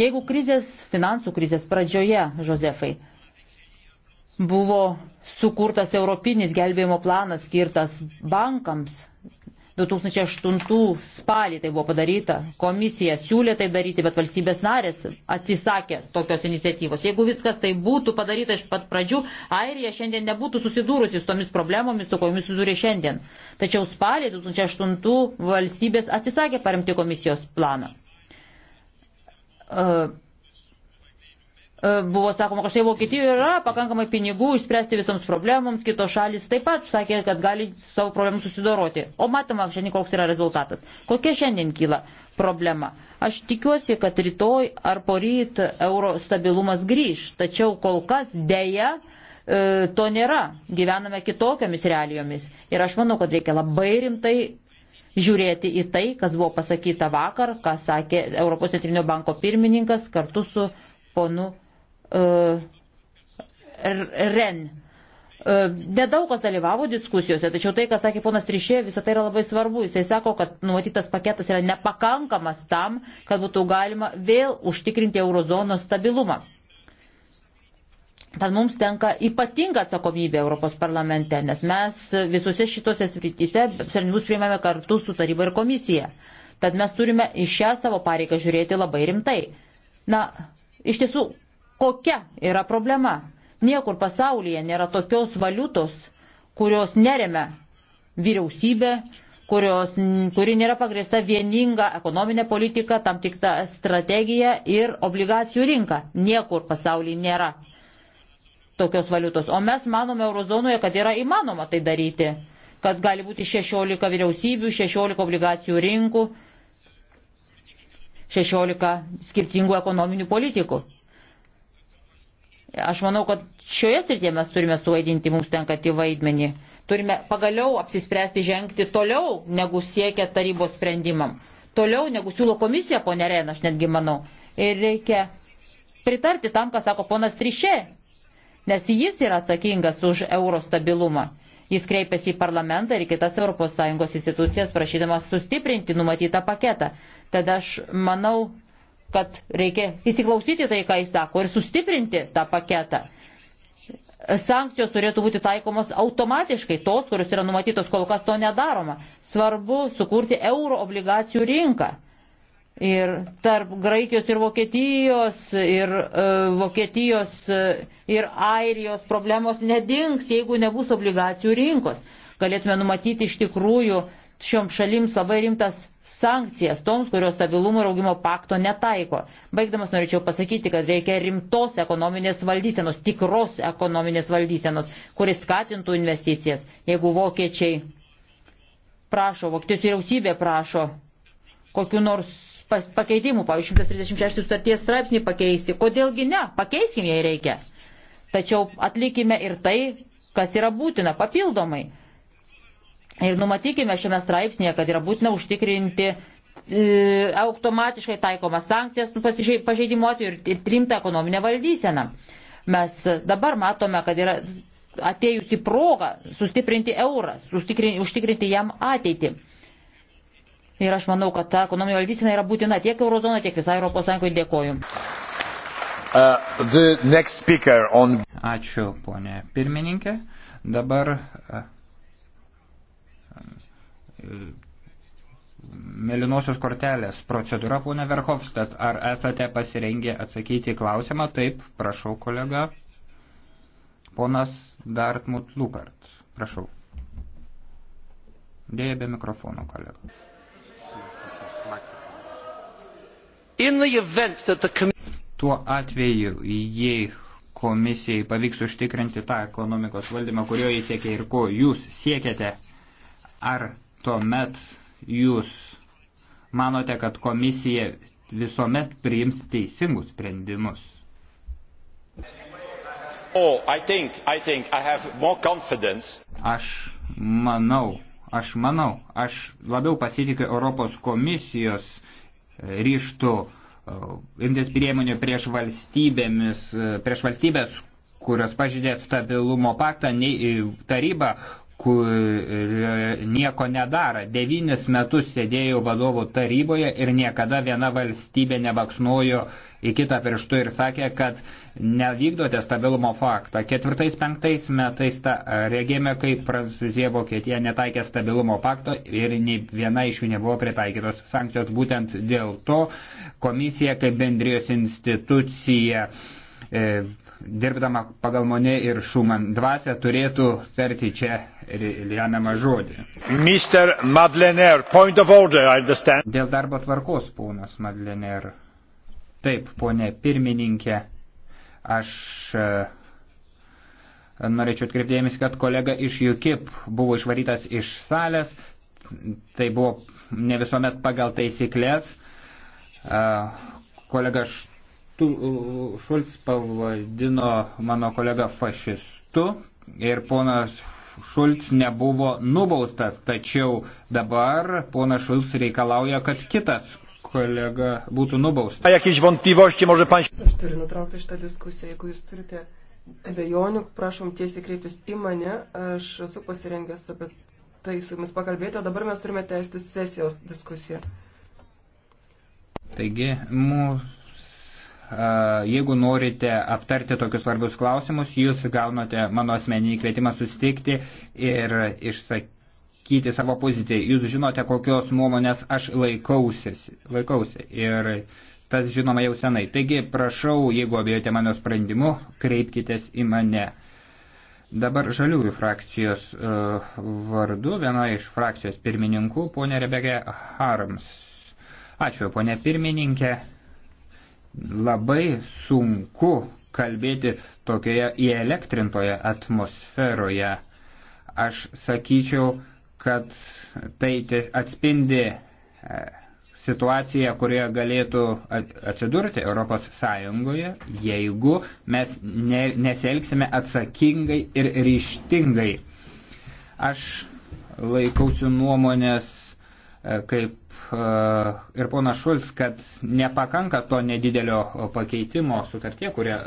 Jeigu krizės, finansų krizės pradžioje, Josefai, buvo sukurtas europinis gelbėjimo planas skirtas bankams, 2008 spalį tai buvo padaryta, komisija siūlė tai daryti, bet valstybės narės atsisakė tokios iniciatyvos. Jeigu viskas tai būtų padaryta iš pat pradžių, Airija šiandien nebūtų susidūrusi su tomis problemomis, su kuriomis susidūrė šiandien. Tačiau spalį 2008 valstybės atsisakė paremti komisijos planą. Uh, E, buvo sakoma, kad štai Vokietijoje yra pakankamai pinigų išspręsti visoms problemams, kitos šalis taip pat sakė, kad gali savo problemų susidoroti. O matoma šiandien koks yra rezultatas. Kokia šiandien kyla problema? Aš tikiuosi, kad rytoj ar poryt euro stabilumas grįž, tačiau kol kas dėja e, to nėra. Gyvename kitokiamis realijomis. Ir aš manau, kad reikia labai rimtai žiūrėti į tai, kas buvo pasakyta vakar, ką sakė Europos centrinio banko pirmininkas kartu su ponu REN. E, nedaug kas dalyvavo diskusijose, tačiau tai, ką sakė ponas Trišė, visą tai yra labai svarbu. Jisai sako, kad numatytas paketas yra nepakankamas tam, kad būtų galima vėl užtikrinti eurozonos stabilumą. Tad mums tenka ypatinga atsakomybė Europos parlamente, nes mes visose šitose srityse sprendimus priimame kartu su taryba ir komisija. Tad mes turime į šią savo pareigą žiūrėti labai rimtai. Na, iš tiesų, kokia yra problema. Niekur pasaulyje nėra tokios valiutos, kurios neremia vyriausybė, kurios, kuri nėra pagrėsta vieninga ekonominė politika, tam tikta strategija ir obligacijų rinka. Niekur pasaulyje nėra tokios valiutos. O mes manome eurozonoje, kad yra įmanoma tai daryti, kad gali būti 16 vyriausybių, 16 obligacijų rinkų, 16 skirtingų ekonominių politikų. Aš manau, kad šioje srityje mes turime suvaidinti mums tenkantį vaidmenį. Turime pagaliau apsispręsti žengti toliau, negu siekia tarybos sprendimam. Toliau, negu siūlo komisija, ponė Rena, aš netgi manau. Ir reikia pritarti tam, ką sako ponas Trišė, nes jis yra atsakingas už euro stabilumą. Jis kreipėsi į parlamentą ir kitas ES institucijas prašydamas sustiprinti numatytą paketą. Tad aš manau, kad reikia įsiklausyti tai, ką jis sako ir sustiprinti tą paketą. Sankcijos turėtų būti taikomos automatiškai, tos, kurios yra numatytos, kol kas to nedaroma. Svarbu sukurti euro obligacijų rinką. Ir tarp Graikijos ir Vokietijos, ir e, Vokietijos e, ir Airijos problemos nedings, jeigu nebus obligacijų rinkos. Galėtume numatyti iš tikrųjų šioms šalims labai rimtas sankcijas toms, kurios stabilumo ir augimo pakto netaiko. Baigdamas norėčiau pasakyti, kad reikia rimtos ekonominės valdysenos, tikros ekonominės valdysenos, kuris skatintų investicijas. Jeigu vokiečiai prašo, vokietijos vyriausybė prašo kokiu nors pakeitimų, pavyzdžiui, 136 sutarties straipsnį pakeisti, kodėlgi ne, pakeiskime jei reikia. Tačiau atlikime ir tai, kas yra būtina papildomai. Ir numatykime šiame straipsnėje, kad yra būtina užtikrinti e, automatiškai taikomas sankcijas pažeidimo atveju ir trimtą ekonominę valdyseną. Mes dabar matome, kad yra atėjusi proga sustiprinti eurą, sustiprinti, užtikrinti jam ateitį. Ir aš manau, kad ta ekonominė valdysena yra būtina tiek eurozona, tiek visai Europos Sąjungoje. Dėkoju. Uh, on... Ačiū, ponė pirmininkė. Dabar uh, Melinosios kortelės procedūra, pūna Verhofstadt, ar esate pasirengę atsakyti į klausimą? Taip, prašau, kolega. Ponas Dartmut Lukart, prašau. Dėja be mikrofono, kolega. The... Tuo atveju, jei komisijai pavyks užtikrinti tą ekonomikos valdymą, kurio jis siekia ir ko jūs siekiate, ar tuomet jūs manote, kad komisija visuomet priims teisingus sprendimus? Oh, I think, I think I aš manau, aš manau, aš labiau pasitikiu Europos komisijos e, ryštų e, imtis priemonių prieš, e, prieš valstybės, kurios pažydė stabilumo paktą, nei taryba, kurie nieko nedara. Devynis metus sėdėjau vadovų taryboje ir niekada viena valstybė nebaksnojo į kitą pirštų ir sakė, kad nevykdote stabilumo faktą. Ketvirtais, penktais metais ta, regėme, kaip Prancūzija, Vokietija netaikė stabilumo fakto ir nei viena iš jų nebuvo pritaikytos sankcijos. Būtent dėl to komisija kaip bendrijos institucija e, dirbdama pagal Monė ir Šuman dvasę, turėtų tarti čia lemiamą žodį. Mr. Madlener, point of order, I understand. Dėl darbo tvarkos, ponas Madlener. Taip, ponė pirmininkė, aš e, norėčiau atkreipdėmės, kad kolega iš UKIP buvo išvarytas iš salės, tai buvo ne visuomet pagal taisyklės. E, kolega Šulc pavadino mano kolegą fašistu ir ponas Šulc nebuvo nubaustas, tačiau dabar ponas Šulc reikalauja, kad kitas kolega būtų nubaustas. Jakieś wątpliwości może pan... Aš turiu nutraukti šitą diskusiją, jeigu jūs turite abejonių, prašom tiesiai kreiptis į mane, aš esu pasirengęs apie tai su jumis pakalbėti, o dabar mes turime tęsti sesijos diskusiją. Taigi, mūsų jeigu norite aptarti tokius svarbius klausimus, jūs gaunate mano asmeninį kvietimą susitikti ir išsakyti savo poziciją. Jūs žinote, kokios nuomonės aš laikausi. laikausi. Ir tas žinoma jau senai. Taigi prašau, jeigu abiejate mano sprendimu, kreipkitės į mane. Dabar žaliųjų frakcijos uh, vardu viena iš frakcijos pirmininkų, ponė Rebekė Harms. Ačiū, ponė pirmininkė. Labai sunku kalbėti tokioje įelektrintoje atmosferoje. Aš sakyčiau, kad tai atspindi e, situaciją, kurioje galėtų atsidurti Europos Sąjungoje, jeigu mes ne, nesielgsime atsakingai ir ryštingai. Aš laikausi nuomonės kaip e, ir pona Šulc, kad nepakanka to nedidelio pakeitimo sutartie, kurio,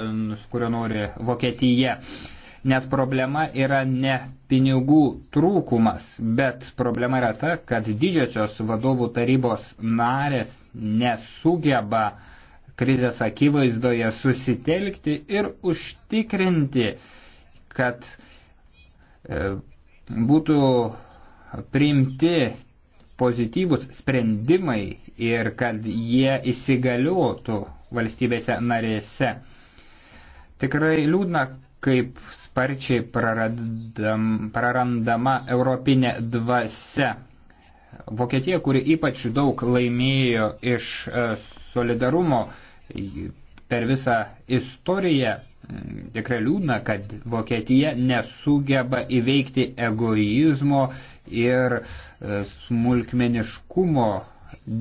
kurio nori Vokietija. Nes problema yra ne pinigų trūkumas, bet problema yra ta, kad didžiosios vadovų tarybos narės nesugeba krizės akivaizdoje susitelkti ir užtikrinti, kad e, būtų priimti pozityvūs sprendimai ir kad jie įsigaliotų valstybėse narėse. Tikrai liūdna, kaip sparčiai praradam, prarandama europinė dvasia. Vokietija, kuri ypač daug laimėjo iš e, solidarumo per visą istoriją, tikrai liūdna, kad Vokietija nesugeba įveikti egoizmo ir e, smulkmeniškumo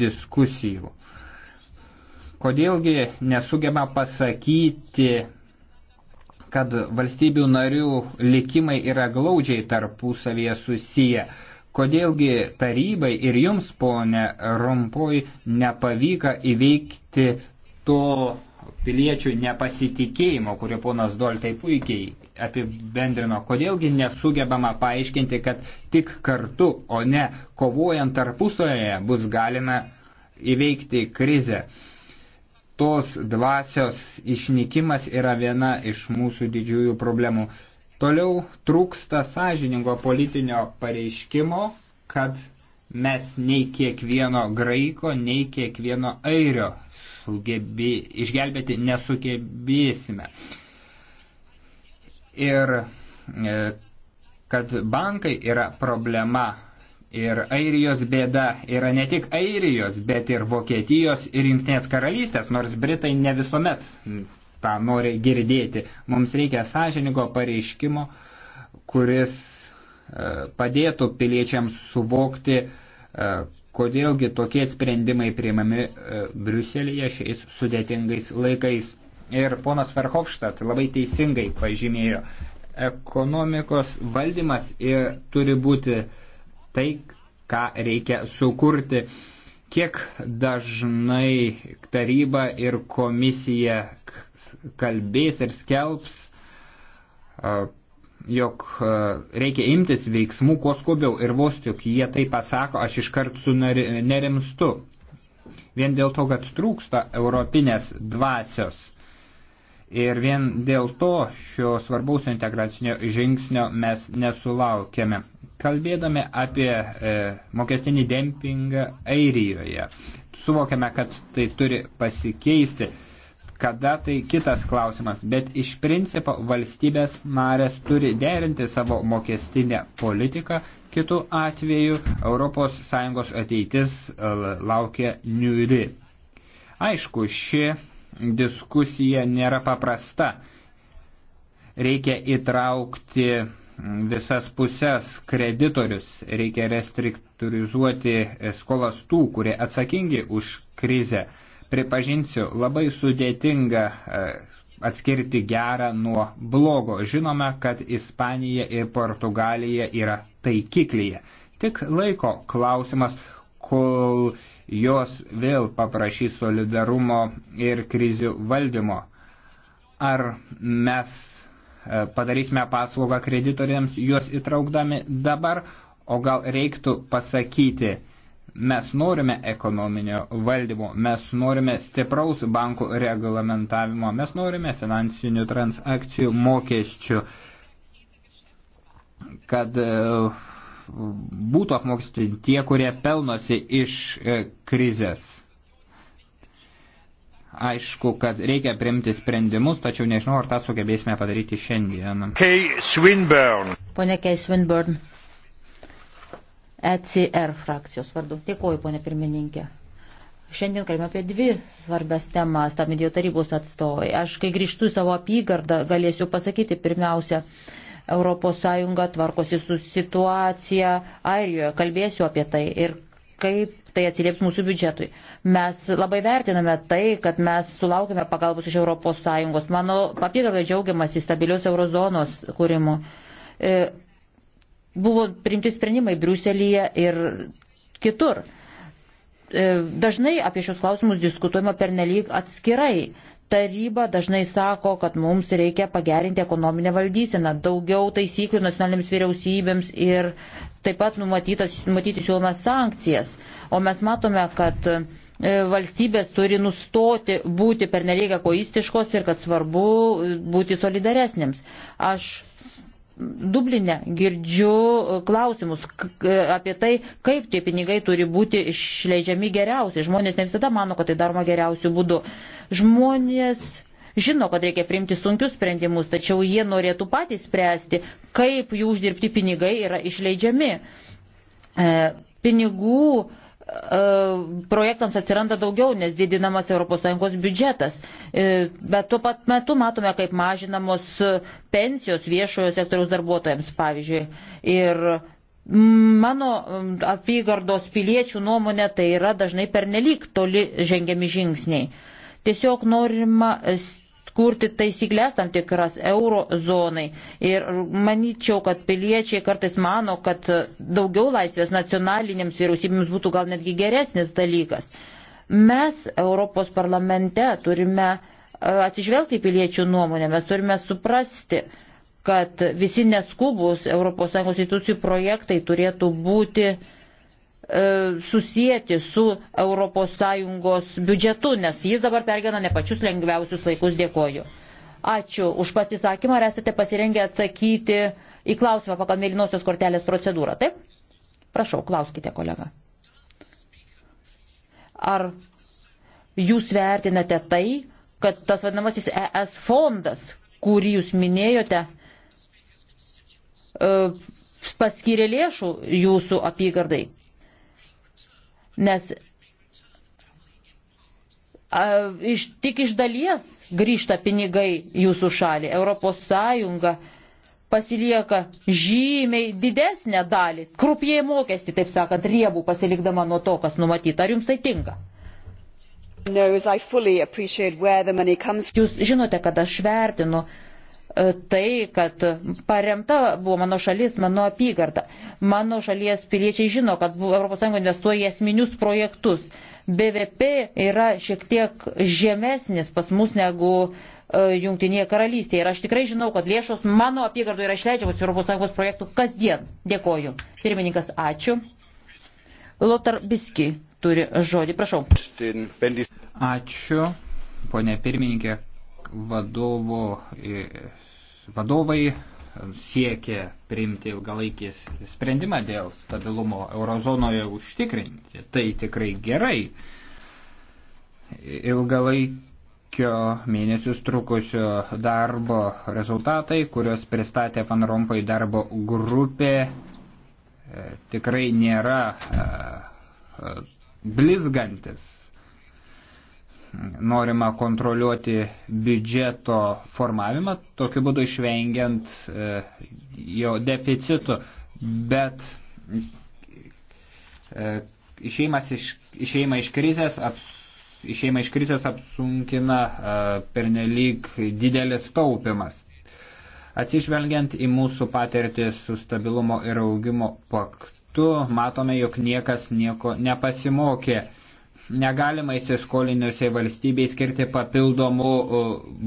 diskusijų. Kodėlgi nesugeba pasakyti, kad valstybių narių likimai yra glaudžiai tarpusavėje susiję. Kodėlgi tarybai ir jums, ponė Rompoj, nepavyka įveikti to piliečių nepasitikėjimo, kurio ponas Doltai puikiai apibendrino, kodėlgi nesugebama paaiškinti, kad tik kartu, o ne kovojant tarpusoje bus galima įveikti krizę. Tos dvasios išnykimas yra viena iš mūsų didžiųjų problemų. Toliau trūksta sąžiningo politinio pareiškimo, kad mes nei kiekvieno graiko, nei kiekvieno airio sugebė, išgelbėti nesugebėsime. Ir e, kad bankai yra problema ir Airijos bėda yra ne tik Airijos, bet ir Vokietijos ir Junktinės karalystės, nors Britai ne visuomet tą nori girdėti. Mums reikia sąžininko pareiškimo, kuris e, padėtų piliečiams suvokti, e, Kodėlgi tokie sprendimai priimami e, Briuselėje šiais sudėtingais laikais. Ir ponas Verhofstadt labai teisingai pažymėjo, ekonomikos valdymas ir turi būti tai, ką reikia sukurti. Kiek dažnai taryba ir komisija kalbės ir skelbs e, jog e, reikia imtis veiksmų kuo skubiau ir vos tik jie tai pasako, aš iškart su nerimstu. Vien dėl to, kad trūksta europinės dvasios. Ir vien dėl to šio svarbaus integracinio žingsnio mes nesulaukėme. Kalbėdami apie e, mokestinį dempingą Airijoje, suvokiame, kad tai turi pasikeisti. E, kada tai kitas klausimas, bet iš principo valstybės narės turi derinti savo mokestinę politiką, kitų atveju ES ateitis e, laukia niuri. Aišku, ši diskusija nėra paprasta. Reikia įtraukti visas pusės kreditorius, reikia restriktorizuoti skolas tų, kurie atsakingi už krizę pripažinsiu, labai sudėtinga e, atskirti gerą nuo blogo. Žinome, kad Ispanija ir Portugalija yra taikiklyje. Tik laiko klausimas, kol jos vėl paprašys solidarumo ir krizių valdymo. Ar mes e, padarysime paslaugą kreditoriams juos įtraukdami dabar, o gal reiktų pasakyti, Mes norime ekonominio valdymo, mes norime stipraus bankų reglamentavimo, mes norime finansinių transakcijų mokesčių, kad e, būtų apmokestinti tie, kurie pelnosi iš e, krizės. Aišku, kad reikia priimti sprendimus, tačiau nežinau, ar tą sugebėsime padaryti šiandien. Kay Swinburne. Pone Kay Swinburne. ECR frakcijos vardu. Dėkuoju, ponė pirmininkė. Šiandien kalbame apie dvi svarbias temas, tam idėjų tarybos atstovai. Aš, kai grįžtu į savo apygardą, galėsiu pasakyti pirmiausia, ES tvarkosi su situacija Airijoje, kalbėsiu apie tai ir kaip tai atsilieps mūsų biudžetui. Mes labai vertiname tai, kad mes sulaukime pagalbos iš ES. Mano apygardoje džiaugiamasi stabilios eurozonos kūrimu. E, buvo primti sprendimai Briuselyje ir kitur. E, dažnai apie šios klausimus diskutuojama pernelyg atskirai. Taryba dažnai sako, kad mums reikia pagerinti ekonominę valdyseną, daugiau taisyklių nacionalinėms vyriausybėms ir taip pat numatyti siūlomas sankcijas. O mes matome, kad e, valstybės turi nustoti būti pernelyg egoistiškos ir kad svarbu būti solidaresnėms. Aš Dublinė girdžiu e, klausimus apie tai, kaip tie pinigai turi būti išleidžiami geriausiai. Žmonės ne visada mano, kad tai daroma geriausių būdų. Žmonės žino, kad reikia priimti sunkius sprendimus, tačiau jie norėtų patys spręsti, kaip jų uždirbti pinigai yra išleidžiami. E, pinigų e, E, projektams atsiranda daugiau, nes didinamas ES biudžetas. E, bet tuo pat metu matome, kaip mažinamos pensijos viešojo sektoriaus darbuotojams, pavyzdžiui. Ir mano apygardos piliečių nuomonė tai yra dažnai pernelyg toli žengiami žingsniai. Tiesiog norima kurti taisyklės tam tikras euro zonai. Ir manyčiau, kad piliečiai kartais mano, kad daugiau laisvės nacionalinėms vyriausybėms būtų gal netgi geresnis dalykas. Mes Europos parlamente turime e, atsižvelgti į piliečių nuomonę, mes turime suprasti, kad visi neskubus ES institucijų projektai turėtų būti uh, E, susijęti su ES biudžetu, nes jis dabar pergena ne pačius lengviausius laikus, dėkoju. Ačiū už pasisakymą, ar esate pasirengę atsakyti į klausimą pagal mėlynosios kortelės procedūrą, taip? Prašau, klauskite, kolega. Ar jūs vertinate tai, kad tas vadinamasis ES fondas, kurį jūs minėjote, e, paskyrė lėšų jūsų apygardai? nes a, iš, tik iš dalies grįžta pinigai jūsų šaliai. Europos Sąjunga pasilieka žymiai didesnę dalį, krupieji mokestį, taip sakant, riebų pasilikdama nuo to, kas numatyta. Ar jums tai tinka? Jūs žinote, kad aš vertinu tai, kad paremta buvo mano šalis, mano apygarda. Mano šalies piliečiai žino, kad ES investuoja į esminius projektus. BVP yra šiek tiek žemesnis pas mus negu e, Junktinėje karalystėje. Ir aš tikrai žinau, kad lėšos mano apygardoje yra išleidžiamos ES projektų kasdien. Dėkoju. Pirmininkas, ačiū. Lotar Biski turi žodį. Prašau. Ačiū, ponė pirmininkė, vadovų e, vadovai siekia priimti ilgalaikį sprendimą dėl stabilumo eurozonoje užtikrinti. Tai tikrai gerai. Ilgalaikio mėnesius trukusio darbo rezultatai, kuriuos pristatė Van Rompai darbo grupė, e, tikrai nėra e, blizgantis norima kontroliuoti biudžeto formavimą, tokiu būdu išvengiant e, jo deficitų, bet e, išeimas iš, išeima iš krizės apsų išeima iš krizės apsunkina e, pernelyg didelis taupimas. Atsižvelgiant į mūsų patirtį su stabilumo ir augimo paktu, matome, jog niekas nieko nepasimokė negalima įsiskolinusiai valstybei skirti papildomų e,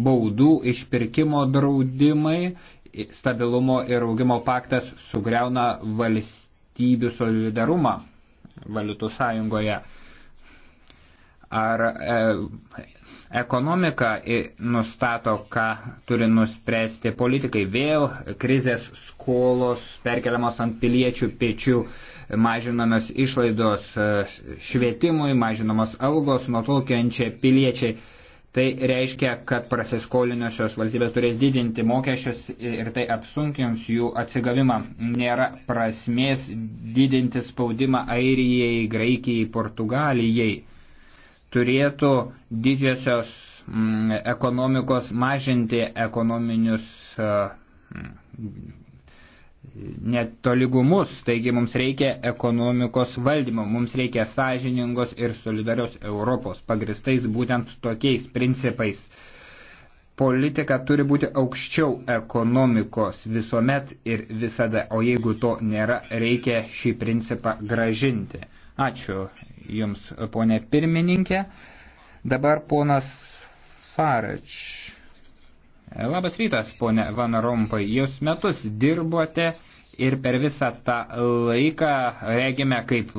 baudų išpirkimo draudimai, stabilumo ir augimo paktas sugriauna valstybių solidarumą valiutų sąjungoje ar e, ekonomika nustato, ką turi nuspręsti politikai. Vėl krizės skolos perkeliamos ant piliečių pečių, mažinamos išlaidos e, švietimui, mažinamos algos, nuo to kenčia piliečiai. Tai reiškia, kad prasiskolinusios valstybės turės didinti mokesčius ir tai apsunkins jų atsigavimą. Nėra prasmės didinti spaudimą Airijai, Graikijai, Portugalijai turėtų didžiosios mm, ekonomikos mažinti ekonominius e, mm, netolygumus, taigi mums reikia ekonomikos valdymo, mums reikia sąžiningos ir solidarios Europos, pagristais būtent tokiais principais. Politika turi būti aukščiau ekonomikos visuomet ir visada, o jeigu to nėra, reikia šį principą gražinti. Ačiū Jums, ponė pirmininkė. Dabar ponas Farač. Labas rytas, ponė Van Rompai. Jūs metus dirbote ir per visą tą laiką regime, kaip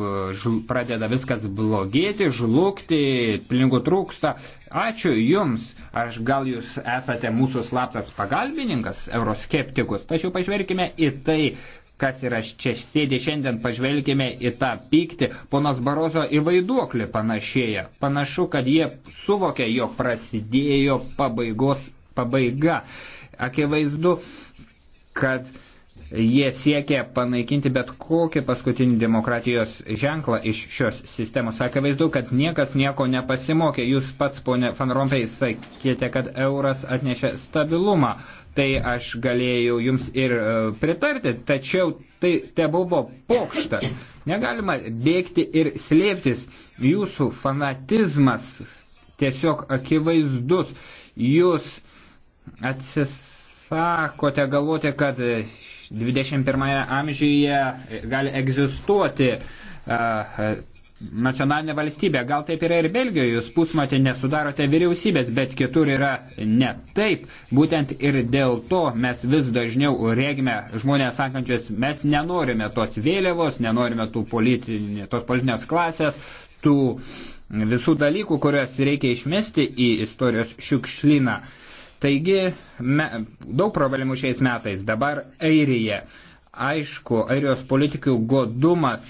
žl... pradeda viskas blogėti, žlugti, pinigų trūksta. Ačiū Jums, aš gal Jūs esate mūsų slaptas pagalbininkas, euroskeptikus, tačiau pažvelkime į tai, kas yra čia sėdi šiandien, pažvelgime į tą pyktį, ponas Barozo į vaiduoklį panašėja. Panašu, kad jie suvokė, jog prasidėjo pabaigos pabaiga. Akivaizdu, kad Jie siekia panaikinti bet kokį paskutinį demokratijos ženklą iš šios sistemos. Sakė vaizdu, kad niekas nieko nepasimokė. Jūs pats, ponė Van Rompei, sakėte, kad euras atnešė stabilumą. Tai aš galėjau jums ir e, pritarti, tačiau tai te buvo pokštas. Negalima bėgti ir slėptis. Jūsų fanatizmas tiesiog akivaizdus. Jūs atsisakote galvoti, kad 21 amžiuje gali egzistuoti nacionalinė valstybė. Gal taip yra ir Belgijoje, jūs pusmatį nesudarote vyriausybės, bet kitur yra ne taip. Būtent ir dėl to mes vis dažniau rėgime žmonės sakančius, mes nenorime tos vėliavos, nenorime tų politinė, tos politinės klasės, tų visų dalykų, kuriuos reikia išmesti į istorijos šiukšliną. Taigi me, daug problemų šiais metais. Dabar Airija. Aišku, airijos politikų godumas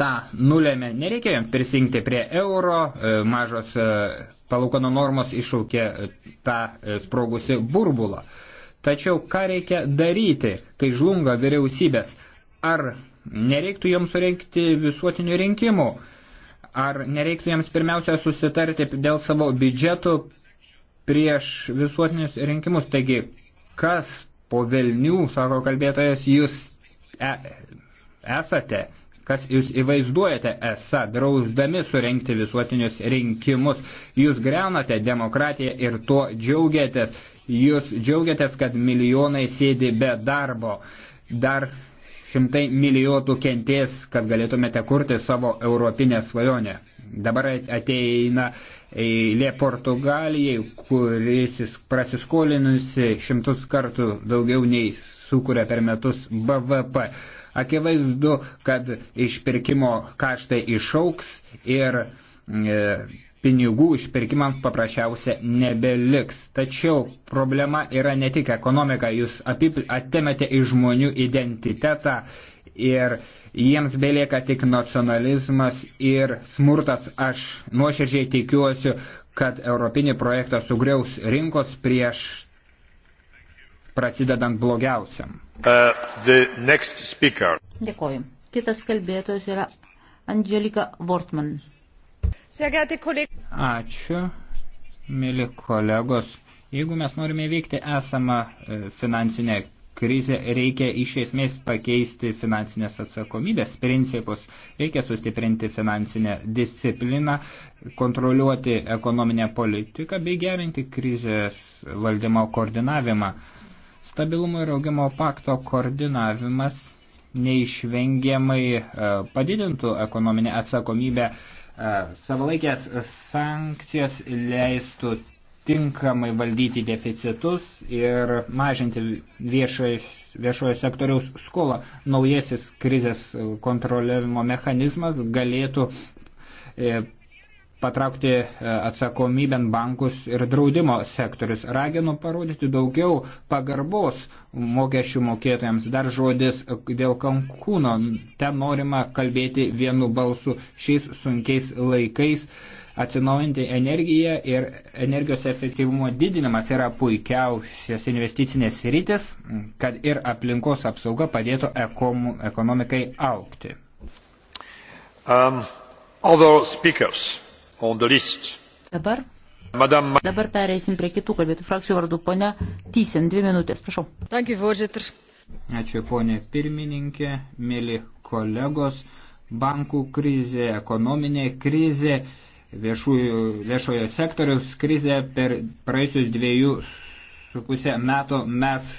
tą nulėmė. Nereikėjo jam prisijungti prie euro, e, mažos e, palūkanų normos iššaukė e, tą sprogusi burbulą. Tačiau ką reikia daryti, kai žlunga vyriausybės? Ar nereiktų joms surenkti visuotinių rinkimų? Ar nereiktų jiems pirmiausia susitarti dėl savo biudžetų prieš visuotinius rinkimus. Taigi, kas po velnių, sako kalbėtojas, jūs e esate, kas jūs įvaizduojate esą, drausdami surenkti visuotinius rinkimus. Jūs greunate demokratiją ir tuo džiaugiatės. Jūs džiaugiatės, kad milijonai sėdi be darbo. Dar šimtai milijonų kentės, kad galėtumėte kurti savo europinę svajonę. Dabar ateina eilė Portugalijai, kuris prasiskolinusi šimtus kartų daugiau nei sukuria per metus BVP. Akivaizdu, kad išpirkimo kaštai išauks ir e, pinigų išpirkimams paprasčiausia nebeliks. Tačiau problema yra ne tik ekonomika, jūs atėmėte iš žmonių identitetą ir jiems belieka tik nacionalizmas ir smurtas. Aš nuoširdžiai tikiuosi, kad europinį projektą sugriaus rinkos prieš prasidedant blogiausiam. Uh, Dėkoju. Kitas kalbėtojas yra Angelika Wortman. Ačiū, mėly kolegos. Jeigu mes norime veikti esamą e, finansinę krizę reikia iš esmės pakeisti finansinės atsakomybės principus, reikia sustiprinti finansinę discipliną, kontroliuoti ekonominę politiką bei gerinti krizės valdymo koordinavimą. Stabilumo ir augimo pakto koordinavimas neišvengiamai e, padidintų ekonominę atsakomybę e, savalaikės sankcijos leistų tinkamai valdyti deficitus ir mažinti viešojo, viešojo sektoriaus skolą. Naujasis krizės kontroliavimo mechanizmas galėtų e, patraukti e, atsakomybėn bankus ir draudimo sektorius. Raginu parodyti daugiau pagarbos mokesčių mokėtojams. Dar žodis dėl Kankūno. Ten norima kalbėti vienu balsu šiais sunkiais laikais. E, Atsinaujanti energija ir energijos efektyvumo didinimas yra puikiausias investicinės rytis, kad ir aplinkos apsauga padėtų ekom, ekonomikai aukti. Um, Dabar Madame... Dabar pereisim prie kitų kalbėtų frakcijų vardų. Pone Tysen, dvi minutės, prašau. Ačiū, Voržitr. Ačiū, ponė pirmininkė, mėly kolegos. Bankų krizė, ekonominė krizė viešųjų, viešojo sektoriaus krizę per praėjusius dviejų su pusę metų mes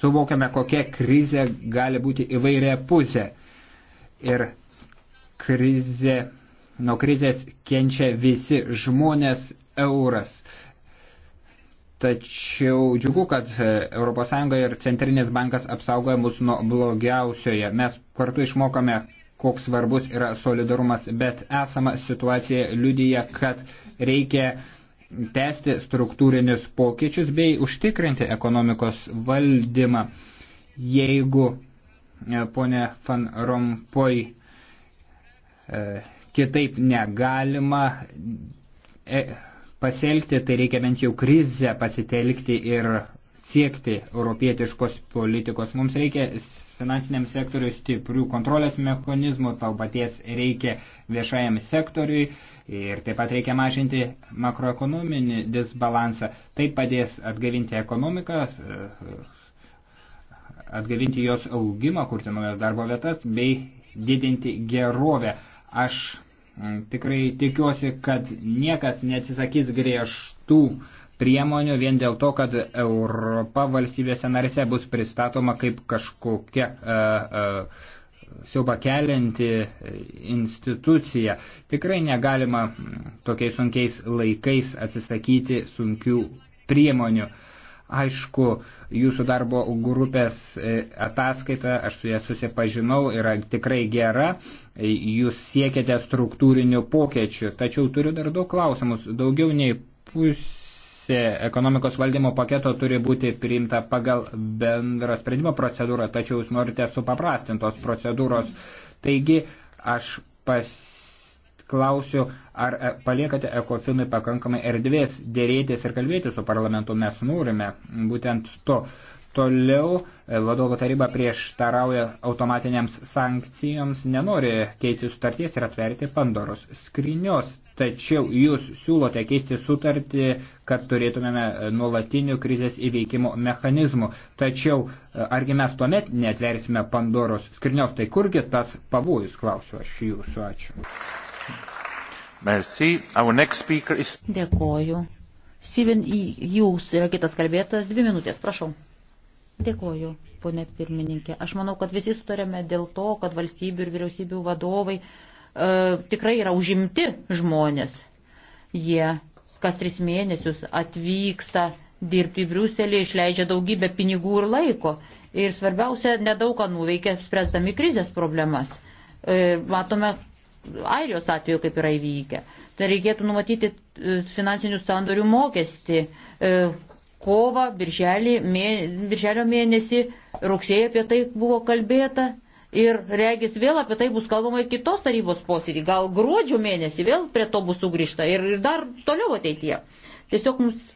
suvokiame, kokia krizė gali būti įvairia pusė. Ir krizė, nuo krizės kenčia visi žmonės euras. Tačiau džiugu, kad ES ir Centrinis bankas apsaugoja mus nuo blogiausioje. Mes kartu išmokame, koks svarbus yra solidarumas, bet esama situacija liudyja, kad reikia tęsti struktūrinius pokyčius bei užtikrinti ekonomikos valdymą. Jeigu e, ponė Van Rompuy e, kitaip negalima e, pasielgti, tai reikia bent jau krizę pasitelkti ir siekti europietiškos politikos. Mums reikia finansiniam sektoriui stiprių kontrolės mechanizmų, tau paties reikia viešajam sektoriui ir taip pat reikia mažinti makroekonominį disbalansą. Tai padės atgavinti ekonomiką, atgavinti jos augimą, kurti naujas darbo vietas bei didinti gerovę. Aš tikrai tikiuosi, kad niekas neatsisakys griežtų priemonių vien dėl to, kad Europa valstybėse narise bus pristatoma kaip kažkokia uh, uh, siauba kelianti institucija. Tikrai negalima tokiais sunkiais laikais atsisakyti sunkių priemonių. Aišku, jūsų darbo grupės e, ataskaita, aš su ją susipažinau, yra tikrai gera, jūs siekiate struktūrinių pokėčių, tačiau turiu dar daug klausimus, daugiau nei pusė pusė ekonomikos valdymo paketo turi būti priimta pagal bendrą sprendimo procedūrą, tačiau jūs norite supaprastintos procedūros. Taigi aš pasklausiu, ar e, paliekate ekofinui pakankamai erdvės dėrėtis ir kalbėti su parlamentu, mes norime būtent to. Toliau e, vadovų taryba prieštarauja automatiniams sankcijoms, nenori keisti sutarties ir atverti Pandoros skrynios. Tačiau jūs siūlote keisti sutartį, kad turėtumėme e, nuolatinių krizės įveikimo mechanizmų. Tačiau e, argi mes tuomet netversime Pandoros skrynios, tai kurgi tas pavojus, klausiu aš jūsų, ačiū. Merci. Our next speaker is... Dėkoju. Steven Hughes yra kitas kalbėtojas. Dvi minutės, prašau. Dėkoju, ponė pirmininkė. Aš manau, kad visi sutarėme dėl to, kad valstybių ir vyriausybių vadovai e, tikrai yra užimti žmonės. Jie kas tris mėnesius atvyksta dirbti į Briuselį, išleidžia daugybę pinigų ir laiko. Ir svarbiausia, nedaug ką nuveikia, spręsdami krizės problemas. E, matome, Airijos atveju kaip yra įvykę. Tai reikėtų numatyti e, finansinių sandorių mokestį, e, kovą, birželį, mė, birželio mėnesį, rugsėje apie tai buvo kalbėta ir regis vėl apie tai bus kalbama ir kitos tarybos posėdį. Gal gruodžio mėnesį vėl prie to bus sugrįžta ir, ir dar toliau ateityje. Tiesiog mums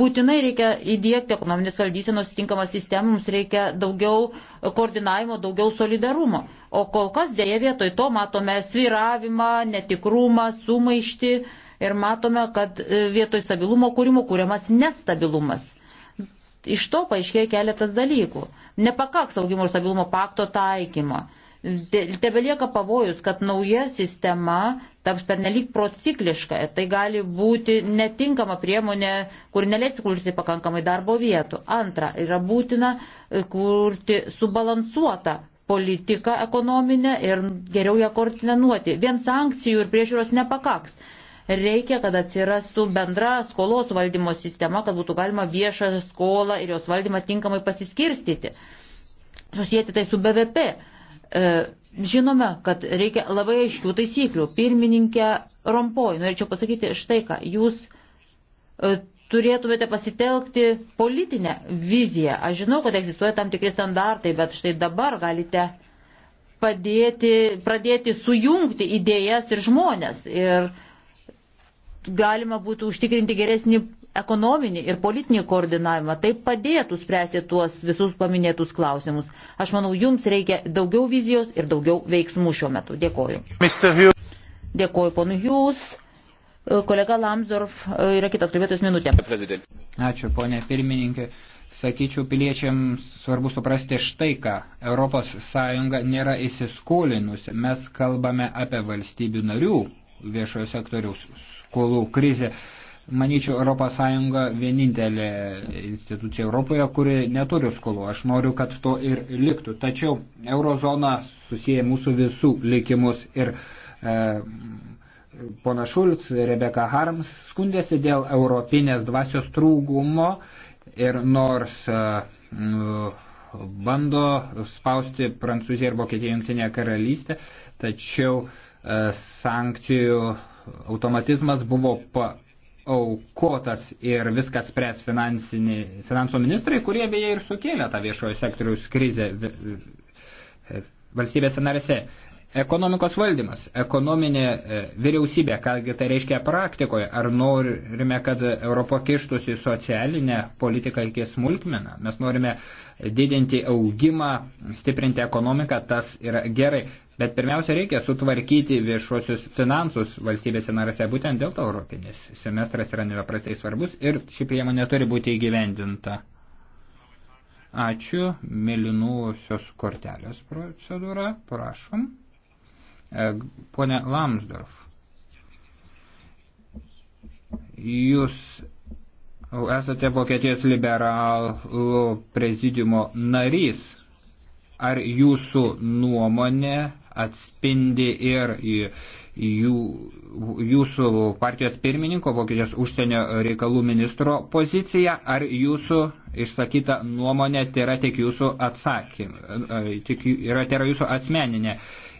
būtinai reikia įdėkti ekonominės valdysenos tinkamą sistemą, mums reikia daugiau koordinavimo, daugiau solidarumo. O kol kas dėja vietoj to matome sviravimą, netikrumą, sumaištį ir matome, kad e, vietoj stabilumo kūrimo kūriamas nestabilumas. Iš to paaiškėjo keletas dalykų. Nepakaks augimo ir stabilumo pakto taikymo. Tebelieka pavojus, kad nauja sistema taps pernelyg procikliška. Tai gali būti netinkama priemonė, kur neleis kurti pakankamai darbo vietų. Antra, yra būtina e, kurti subalansuotą politiką ekonominę ir geriau ją koordinuoti. Vien sankcijų ir priežiūros nepakaks. Reikia, kad atsirastų bendra skolos valdymo sistema, kad būtų galima viešą skolą ir jos valdymą tinkamai pasiskirstyti. Susijęti tai su BVP. E, žinome, kad reikia labai aiškių taisyklių. Pirmininkė Rompoj, norėčiau pasakyti štai ką. Jūs e, turėtumėte pasitelkti politinę viziją. Aš žinau, kad egzistuoja tam tikri standartai, bet štai dabar galite padėti, pradėti sujungti idėjas ir žmonės. Ir galima būtų užtikrinti geresnį ekonominį ir politinį koordinavimą. Tai padėtų spręsti tuos visus paminėtus klausimus. Aš manau, jums reikia daugiau vizijos ir daugiau veiksmų šiuo metu. Dėkoju. Dėkoju, ponu Jūs. E, kolega Lamsdorf e, yra kitas kalbėtojas minutė. Ačiū, ponė pirmininkė. Sakyčiau, piliečiams svarbu suprasti štai ką. ES nėra įsiskolinusi. Mes kalbame apie valstybių narių viešojo sektoriaus skolų krizė. Manyčiau, ES vienintelė institucija Europoje, kuri neturi skolų. Aš noriu, kad to ir liktų. Tačiau eurozona susiję mūsų visų likimus ir e, Pona Šulc, Rebeka Harms skundėsi dėl europinės dvasios trūkumo ir nors e, bando spausti Prancūziją ir Vokietiją jungtinę karalystę, tačiau e, sankcijų automatizmas buvo paaukotas ir viskas spręs finansų ministrai, kurie beje ir sukėlė tą viešojo sektoriaus krizę e, valstybėse narėse. Ekonomikos valdymas, ekonominė e, vyriausybė, kągi tai reiškia praktikoje, ar norime, kad Europa kištųsi socialinę politiką iki smulkmeną, mes norime didinti augimą, stiprinti ekonomiką, tas yra gerai, bet pirmiausia reikia sutvarkyti viešuosius finansus valstybėse narėse, būtent dėl to europinis semestras yra nepaprastai svarbus ir ši priemonė turi būti įgyvendinta. Ačiū, mėlynosios kortelės procedūra, prašom. E, pone Lamsdorf, jūs esate Vokietijos liberalų prezidiumo narys. Ar jūsų nuomonė atspindi ir jų, jūsų partijos pirmininko, Vokietijos užsienio reikalų ministro poziciją, ar jūsų išsakyta nuomonė tai yra tik jūsų atsakymė, e, e, tik yra, tai yra jūsų asmeninė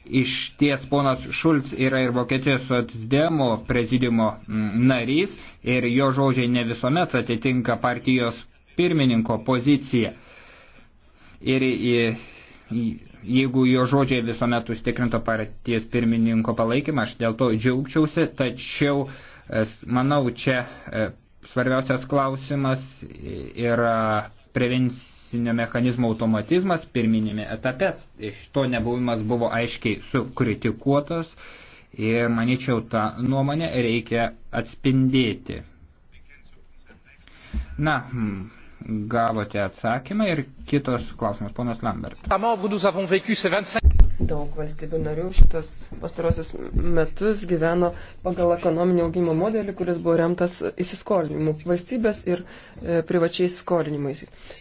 Iš ties ponas Šulc yra ir Vokietijos socdemo prezidimo mm, narys ir jo žodžiai ne visuomet atitinka partijos pirmininko poziciją. Ir jeigu jo žodžiai visuomet užtikrinto partijos pirmininko palaikymą, aš dėl to džiaugčiausi, tačiau e, manau čia e, svarbiausias klausimas yra prevencija teisinio mechanizmo automatizmas pirminėme etape, iš to nebuvimas buvo aiškiai sukritikuotas ir manyčiau tą nuomonę reikia atspindėti. Na, gavote atsakymą ir kitos klausimas, ponas Lambert. Daug valstybių narių šitas pastarosius metus gyveno pagal ekonominio augimo modelį, kuris buvo remtas įsiskolinimu valstybės ir e, privačiais skolinimais.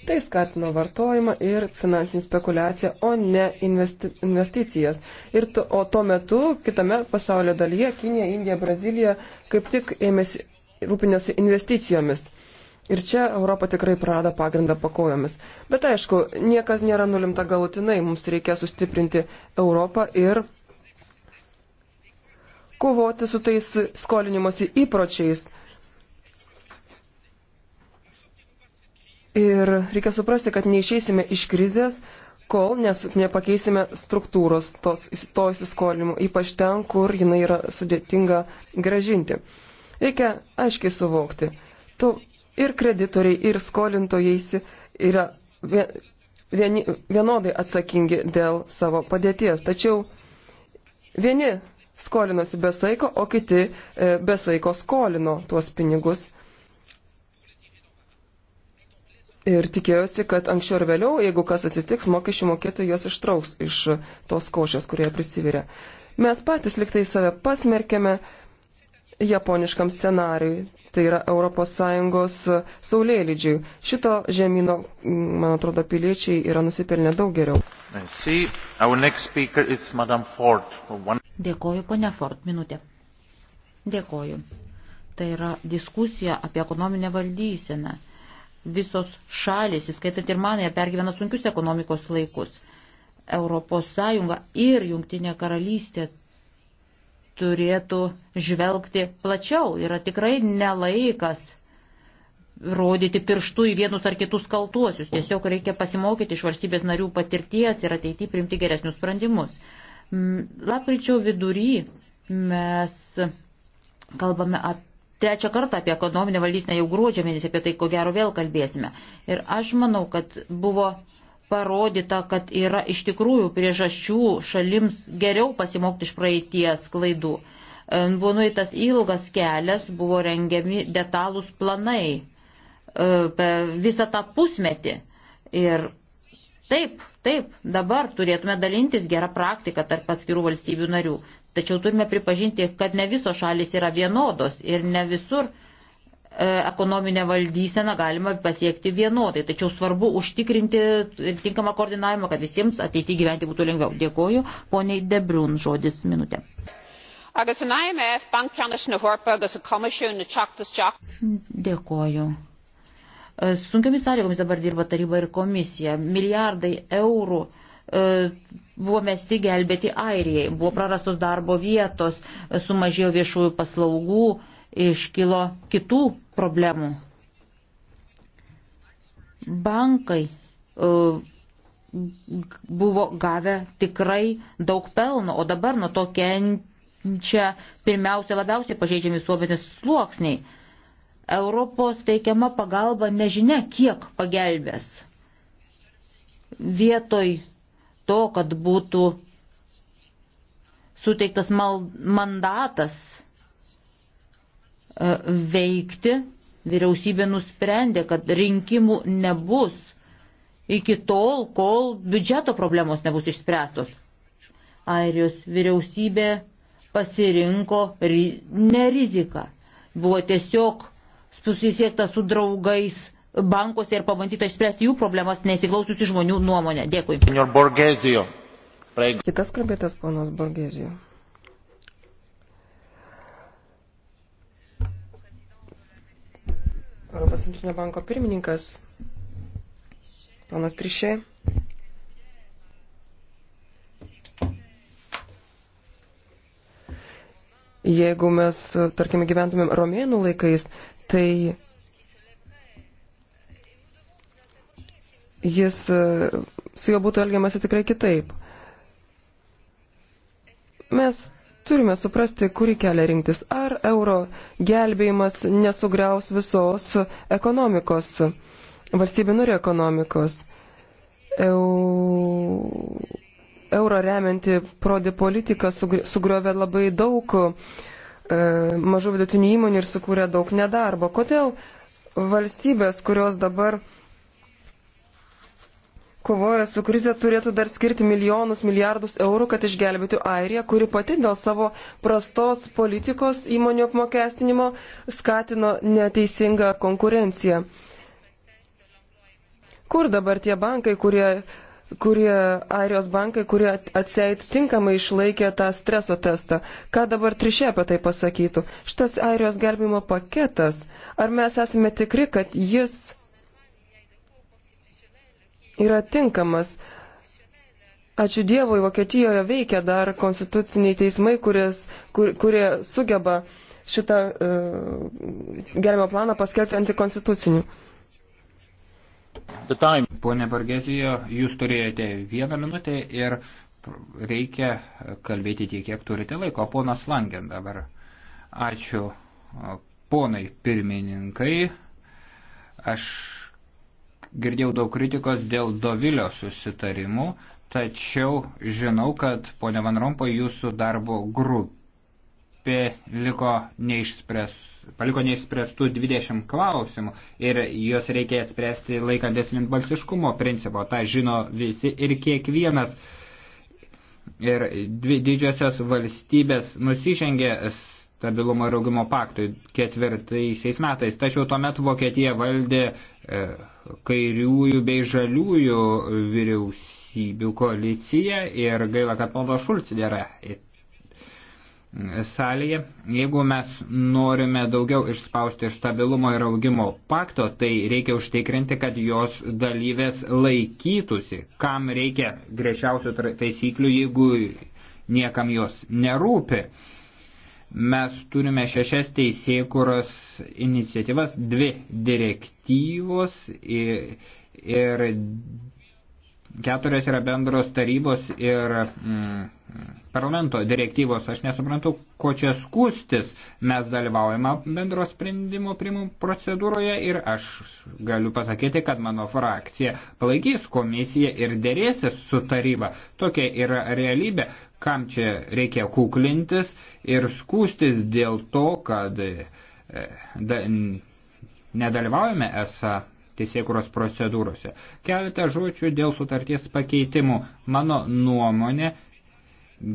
Tai skatino vartojimą ir finansinį spekulaciją, o ne investi investicijas. Ir to, o tuo metu kitame pasaulio dalyje Kinija, Indija, Brazilija kaip tik ėmėsi rūpinėsi investicijomis. Ir čia Europa tikrai prarado pagrindą pakojomis. Bet aišku, niekas nėra nulimta galutinai, mums reikia sustiprinti Europą ir kovoti su tais skolinimuose įpročiais. Ir reikia suprasti, kad neišeisime iš krizės, kol nes, nepakeisime struktūros tos, to įsiskolinimo, ypač ten, kur jinai yra sudėtinga gražinti. Reikia aiškiai suvokti. Tu ir kreditoriai, ir skolintojai yra vieni, vienodai atsakingi dėl savo padėties. Tačiau vieni skolinosi besaiko, o kiti e, besaiko skolino tuos pinigus. Ir tikėjosi, kad anksčiau ar vėliau, jeigu kas atsitiks, mokesčių mokėtojai juos ištrauks iš tos košės, kurie prisivirė. Mes patys liktai save pasmerkėme japoniškam scenariui tai yra ES saulėlydžiui. Šito žemynų, man atrodo, piliečiai yra nusipelnę daug geriau. Dėkoju, ponia Ford, minutė. Dėkoju. Tai yra diskusija apie ekonominę valdyseną. Visos šalis, įskaitant ir manąją, pergyvena sunkius ekonomikos laikus. ES ir Junktinė karalystė turėtų žvelgti plačiau. Yra tikrai nelaikas rodyti pirštų į vienus ar kitus kaltuosius. Tiesiog reikia pasimokyti iš valstybės narių patirties ir ateityje priimti geresnius sprendimus. Lapkričio vidury mes kalbame apie trečią kartą apie ekonominę valdysinę jau gruodžio mėnesį, apie tai ko gero vėl kalbėsime. Ir aš manau, kad buvo parodyta, kad yra iš tikrųjų priežasčių šalims geriau pasimokti iš praeities klaidų. E, buvo nuėtas ilgas kelias, buvo rengiami detalūs planai e, visą tą pusmetį. Ir taip, taip, dabar turėtume dalintis gerą praktiką tarp atskirų valstybių narių. Tačiau turime pripažinti, kad ne visos šalis yra vienodos ir ne visur E, ekonominę valdyseną galima pasiekti vienodai, tačiau svarbu užtikrinti tinkamą koordinavimą, kad visiems ateityje gyventi būtų lengviau. Dėkoju, poniai Debrun, žodis minutė. Dėkoju. E, sunkiomis sąlygomis dabar dirba taryba ir komisija. Milijardai eurų e, buvo mesti gelbėti Airijai, buvo prarastos darbo vietos, sumažėjo viešųjų paslaugų iškilo kitų problemų. Bankai e, buvo gavę tikrai daug pelno, o dabar nuo to kenčia pirmiausia labiausiai pažeidžiami visuomenės sluoksniai. Europos teikiama pagalba nežinia, kiek pagelbės. Vietoj to, kad būtų suteiktas mandatas E, veikti. Vyriausybė nusprendė, kad rinkimų nebus iki tol, kol biudžeto problemos nebus išspręstos. Airijos vyriausybė pasirinko neriziką. Buvo tiesiog susisiekta su draugais bankuose ir pabandyta išspręsti jų problemas, nesiklausiusi žmonių nuomonę. Dėkui. Kitas kalbėtas ponas Borgezijo. Europos centrinio banko pirmininkas, panas Trišė, jeigu mes, tarkime, gyventumėm romėnų laikais, tai jis su juo būtų elgiamasi tikrai kitaip. Mes Turime suprasti, kurį kelią rinktis. Ar euro gelbėjimas nesugriaus visos ekonomikos, valstybių nurių ekonomikos. Eu... Euro remianti prodi politika sugriovė labai daug e, mažų vidutinių įmonių ir sukūrė daug nedarbo. Kodėl valstybės, kurios dabar kovoja su krize, turėtų dar skirti milijonus, milijardus eurų, kad išgelbėtų Airiją, kuri pati dėl savo prastos politikos įmonių apmokestinimo skatino neteisingą konkurenciją. Kur dabar tie bankai, kurie, kurie Airijos bankai, kurie atseit tinkamai išlaikė tą streso testą? Ką dabar trišė apie tai pasakytų? Šitas Airijos gelbimo paketas, ar mes esame tikri, kad jis yra tinkamas. Ačiū Dievui, Vokietijoje veikia dar konstituciniai teismai, kuris, kur, kurie sugeba šitą uh, e, gerimo planą paskelbti antikonstituciniu. Pone Bargezijo, jūs turėjote vieną minutę ir reikia kalbėti tiek, kiek turite laiko. Ponas Langen dabar. Ačiū e, ponai pirmininkai. Aš Girdėjau daug kritikos dėl Dovilio susitarimų, tačiau žinau, kad ponia Van Rompo jūsų darbo grupė liko neišspręs, paliko neišspręstų 20 klausimų ir juos reikia spręsti laikantis vienbalsiškumo principo. Ta žino visi ir kiekvienas. Ir dvi didžiosios valstybės nusižengė stabilumo ir augimo paktui ketvirtaisiais metais. Tačiau tuomet Vokietija valdė e, kairiųjų bei žaliųjų vyriausybių koalicija ir gaila, kad pono Šulc nėra salėje. Jeigu mes norime daugiau išspausti iš stabilumo ir augimo pakto, tai reikia užtikrinti, kad jos dalyvės laikytųsi, kam reikia griežčiausių taisyklių, jeigu niekam jos nerūpi mes turime šešias teisėkuros iniciatyvas, dvi direktyvos ir, ir keturios yra bendros tarybos ir mm, parlamento direktyvos. Aš nesuprantu, ko čia skustis. Mes dalyvaujame bendro sprendimo primų procedūroje ir aš galiu pasakyti, kad mano frakcija palaikys komisiją ir dėrėsis su taryba. Tokia yra realybė, kam čia reikia kuklintis ir skūstis dėl to, kad e, da, nedalyvaujame esą teisėkuros procedūrose. Keletą žodžių dėl sutarties pakeitimų. Mano nuomonė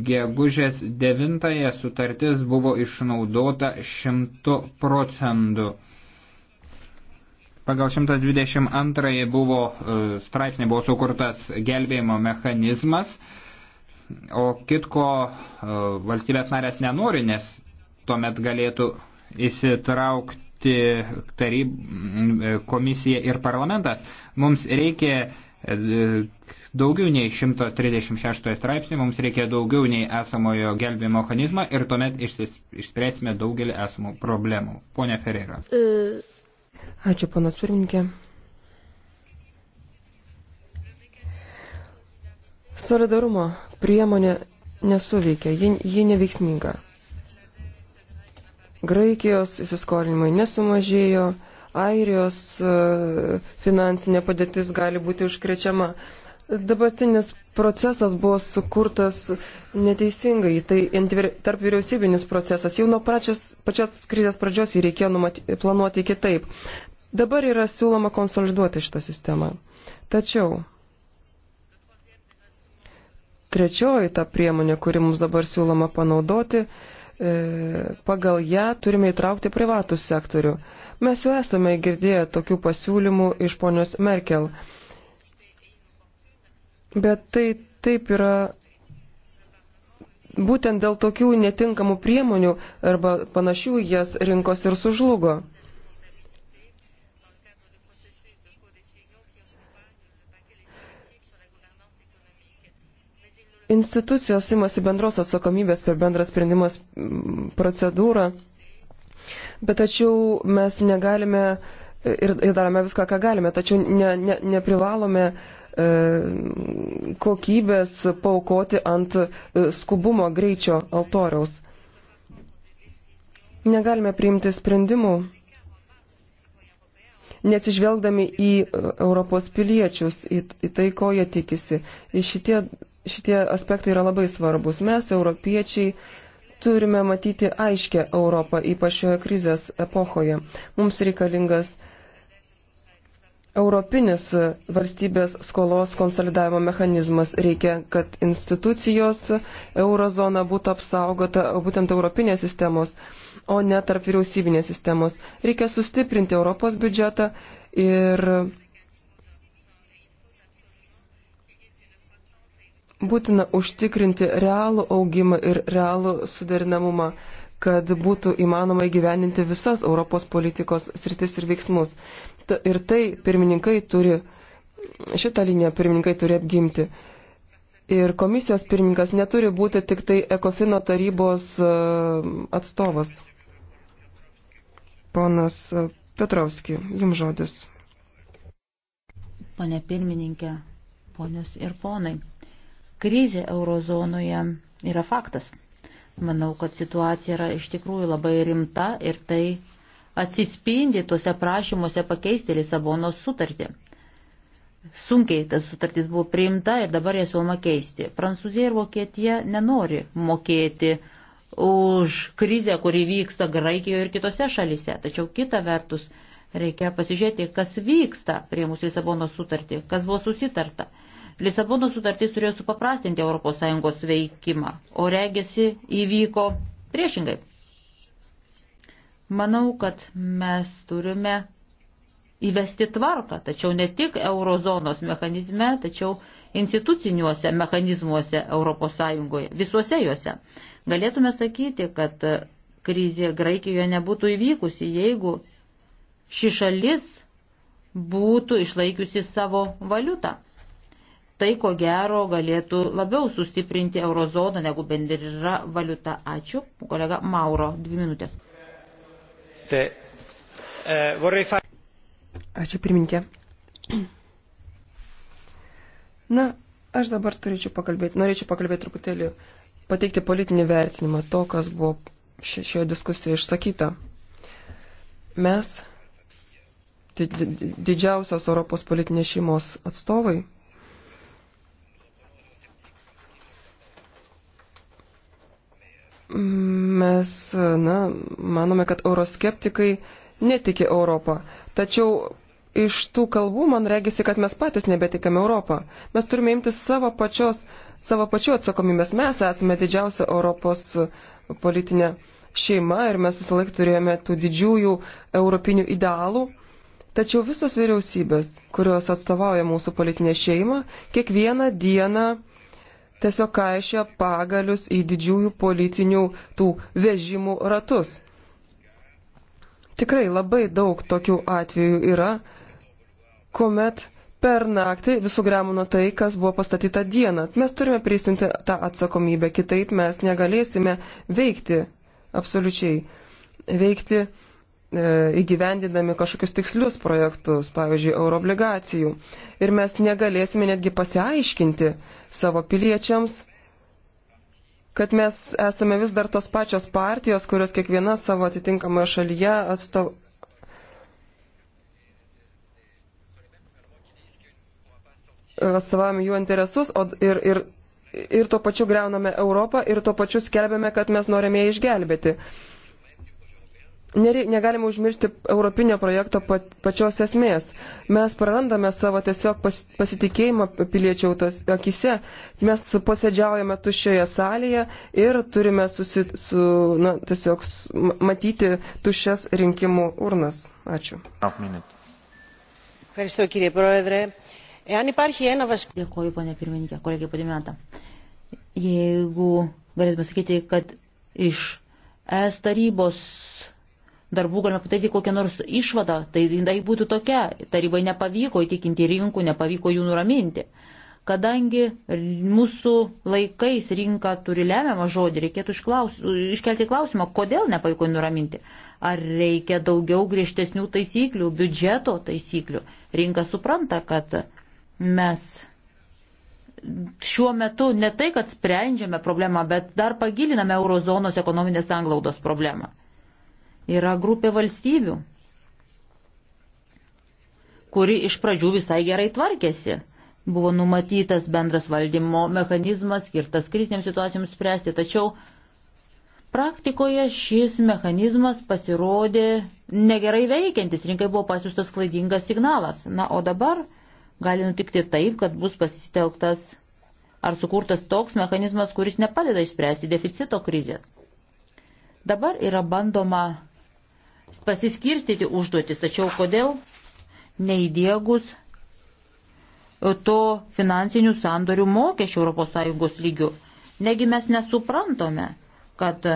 Gegužės 9 sutartis buvo išnaudota 100 procentų. Pagal 122 buvo, e, straipsnė buvo sukurtas gelbėjimo mechanizmas, o kitko e, valstybės narės nenori, nes tuomet galėtų įsitraukti taryb, e, komisija ir parlamentas. Mums reikia daugiau nei 136 straipsnį, mums reikia daugiau nei esamojo gelbėjimo mechanizmą ir tuomet išspręsime daugelį esamų problemų. Pone Ferreira. E. Ačiū, ponas pirmininkė. Solidarumo priemonė nesuveikia, ji, ji neveiksminga. Graikijos įsiskolinimai nesumažėjo, Airijos e, finansinė padėtis gali būti užkrečiama. Dabartinis procesas buvo sukurtas neteisingai, tai tarp vyriausybinis procesas. Jau nuo pračias, pačios krizės pradžios jį reikėjo numaty, planuoti kitaip. Dabar yra siūloma konsoliduoti šitą sistemą. Tačiau trečioji ta priemonė, kuri mums dabar siūloma panaudoti, e, pagal ją turime įtraukti privatų sektorių. Mes jau esame girdėję tokių pasiūlymų iš ponios Merkel. Bet tai taip yra būtent dėl tokių netinkamų priemonių arba panašių jas rinkos ir sužlugo. Institucijos imasi bendros atsakomybės per bendrą sprendimas procedūrą bet tačiau mes negalime ir, ir darome viską, ką galime, tačiau ne, ne, neprivalome e, kokybės paukoti ant e, skubumo greičio altoriaus. Negalime priimti sprendimų, neatsižvelgdami į e, Europos piliečius, į, į tai, ko jie tikisi. Ir šitie, šitie aspektai yra labai svarbus. Mes, europiečiai, turime matyti aiškę Europą, ypač šioje krizės epochoje. Mums reikalingas europinis valstybės skolos konsolidavimo mechanizmas. Reikia, kad institucijos eurozona būtų apsaugota būtent europinės sistemos, o ne tarp vyriausybinės sistemos. Reikia sustiprinti Europos biudžetą ir Būtina užtikrinti realų augimą ir realų suderinamumą, kad būtų įmanoma įgyveninti visas Europos politikos sritis ir veiksmus. Ta, ir tai pirmininkai turi, šitą liniją pirmininkai turi apgimti. Ir komisijos pirmininkas neturi būti tik tai Ekofino tarybos e, atstovas. Ponas e, Petrovski, jums žodis. Pane pirmininkė, ponios ir ponai. Krizė eurozonoje yra faktas. Manau, kad situacija yra iš tikrųjų labai rimta ir tai atsispindi tuose prašymuose pakeisti Lisabono sutartį. Sunkiai tas sutartis buvo priimta ir dabar ją siūloma keisti. Prancūzija ir Vokietija nenori mokėti už krizę, kuri vyksta Graikijoje ir kitose šalise. Tačiau kita vertus reikia pasižiūrėti, kas vyksta prie mūsų Lisabono sutartį, kas buvo susitarta. Lisabono sutartis turėjo supaprastinti ES veikimą, o regėsi įvyko priešingai. Manau, kad mes turime įvesti tvarką, tačiau ne tik eurozonos mechanizme, tačiau instituciniuose mechanizmuose ES, visuose juose. Galėtume sakyti, kad krizė Graikijoje nebūtų įvykusi, jeigu ši šalis būtų išlaikiusi savo valiutą. Tai ko gero galėtų labiau sustiprinti eurozoną negu bendra valiuta. Ačiū. Kolega Mauro, dvi minutės. E, Ačiū pirminkė. Na, aš dabar turėčiau pakalbėti, norėčiau pakalbėti truputėlį, pateikti politinį vertinimą to, kas buvo šioje diskusijoje išsakyta. Mes, didžiausios Europos politinės šeimos atstovai, Mes, na, manome, kad euroskeptikai netiki Europą. Tačiau iš tų kalbų man regisi, kad mes patys nebetikame Europą. Mes turime imtis savo pačios, savo pačių atsakomybės. Mes esame didžiausia Europos politinė šeima ir mes visą laiką turėjome tų didžiųjų europinių idealų. Tačiau visos vyriausybės, kurios atstovauja mūsų politinę šeimą, kiekvieną dieną tiesiog kaišia pagalius į didžiųjų politinių tų vežimų ratus. Tikrai labai daug tokių atvejų yra, kuomet per naktį visų gremuna tai, kas buvo pastatyta dieną. Mes turime prisimti tą atsakomybę, kitaip mes negalėsime veikti absoliučiai. Veikti E, įgyvendinami kažkokius tikslius projektus, pavyzdžiui, euroobligacijų. Ir mes negalėsime netgi pasiaiškinti savo piliečiams, kad mes esame vis dar tos pačios partijos, kurios kiekviena savo atitinkamoje šalyje atstov... atstovavom jų interesus o, ir, ir, ir tuo pačiu greuname Europą ir tuo pačiu skelbėme, kad mes norime ją išgelbėti. Uh, negalime užmiršti europinio projekto pačios esmės. Mes prarandame savo tiesiog pas, pasitikėjimą piliečių akise. Mes posėdžiaujame tuščioje salėje ir turime susi, su, na, tiesiog matyti tuščias rinkimų urnas. Ačiū. Dėkuoju, ponė pirmininkė, kolegė Padimėta. Jeigu galėtume sakyti, kad iš ES tarybos darbų galime pateikti kokią nors išvadą, tai jinai būtų tokia. Tarybai nepavyko įtikinti rinkų, nepavyko jų nuraminti. Kadangi mūsų laikais rinka turi lemiamą žodį, reikėtų išklaus, iškelti klausimą, kodėl nepavyko nuraminti. Ar reikia daugiau griežtesnių taisyklių, biudžeto taisyklių. Rinka supranta, kad mes šiuo metu ne tai, kad sprendžiame problemą, bet dar pagiliname eurozonos ekonominės anglaudos problemą. Yra grupė valstybių, kuri iš pradžių visai gerai tvarkėsi. Buvo numatytas bendras valdymo mechanizmas, skirtas krizinėms situacijoms spręsti, tačiau praktikoje šis mechanizmas pasirodė negerai veikiantis, rinkai buvo pasiūstas klaidingas signalas. Na, o dabar gali nutikti taip, kad bus pasitelktas ar sukurtas toks mechanizmas, kuris nepadeda išspręsti deficito krizės. Dabar yra bandoma pasiskirstyti užduotis, tačiau kodėl neįdėgus to finansinių sandorių mokesčių ES lygių. Negi mes nesuprantame, kad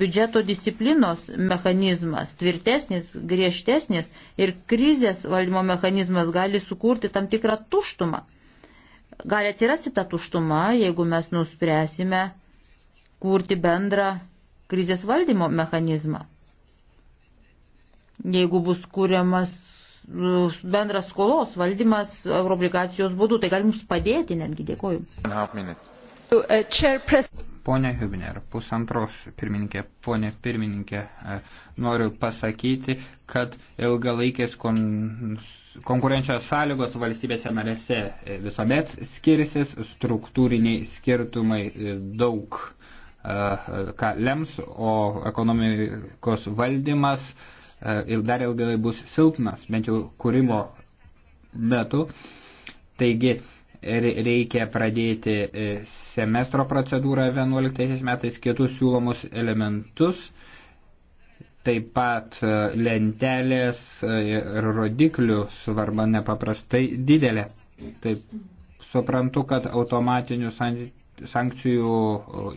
biudžeto disciplinos mechanizmas tvirtesnis, griežtesnis ir krizės valdymo mechanizmas gali sukurti tam tikrą tuštumą. Gali atsirasti ta tuštuma, jeigu mes nuspręsime kurti bendrą krizės valdymo mechanizmą jeigu bus kūriamas e, bendras skolos valdymas euroobligacijos būdu, tai gali mums padėti netgi, dėkoju. E, Pone Hübner, pusantros pirmininkė, ponė pirmininkė, e, noriu pasakyti, kad ilgalaikės kon... konkurencijos sąlygos valstybėse narėse visuomet skirsis, struktūriniai skirtumai daug ką lems, o ekonomikos valdymas uh, E, ir dar ilgai bus silpnas, bent jau kūrimo metu. Taigi reikia pradėti e, semestro procedūrą 11 metais, kitus siūlomus elementus, taip pat e, lentelės ir rodiklių svarba nepaprastai didelė. Taip suprantu, kad automatinių sankcijų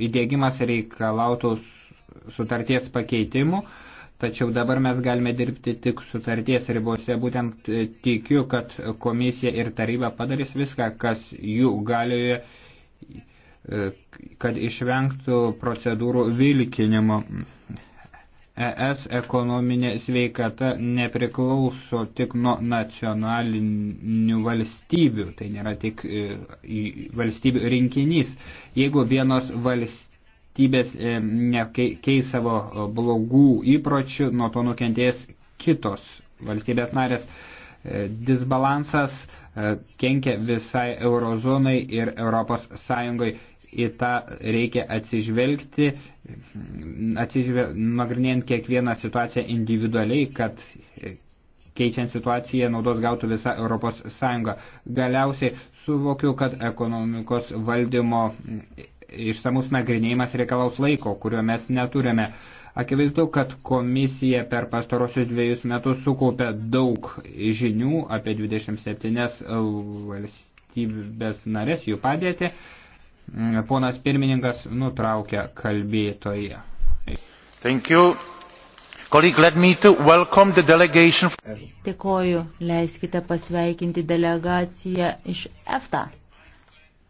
įdėgymas reikalautų sutarties pakeitimų, tačiau dabar mes galime dirbti tik sutarties ribose. Būtent e, tikiu, kad komisija ir taryba padarys viską, kas jų galioje, e, kad išvengtų procedūrų vilkinimo. ES ekonominė sveikata nepriklauso tik nuo nacionalinių valstybių, tai nėra tik e, valstybių rinkinys. Jeigu vienos valstybės valstybės e, nekeis savo blogų įpročių, nuo to nukentės kitos valstybės narės. E, disbalansas e, kenkia visai eurozonai ir Europos Sąjungai. Į tą reikia atsižvelgti, atsižvel... nagrinėjant kiekvieną situaciją individualiai, kad keičiant situaciją naudos gautų visa Europos Sąjunga. Galiausiai suvokiu, kad ekonomikos valdymo išsamus nagrinėjimas reikalaus laiko, kurio mes neturime. Akivaizdu, kad komisija per pastarosius dviejus metus sukaupė daug žinių apie 27 valstybės narės jų padėtį. Ponas pirmininkas nutraukė kalbėtoje. Thank you. Dėkoju, leiskite pasveikinti delegaciją iš EFTA.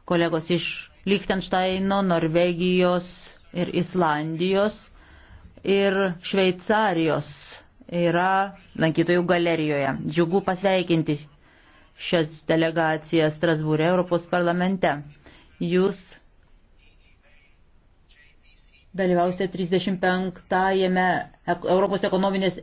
Kolegos iš Liechtensteino, Norvegijos ir Islandijos ir Šveicarijos yra lankytojų galerijoje. Džiugu pasveikinti šias delegacijas Strasbūrė Europos parlamente. Jūs dalyvausite 35-ąjame Europos ekonominės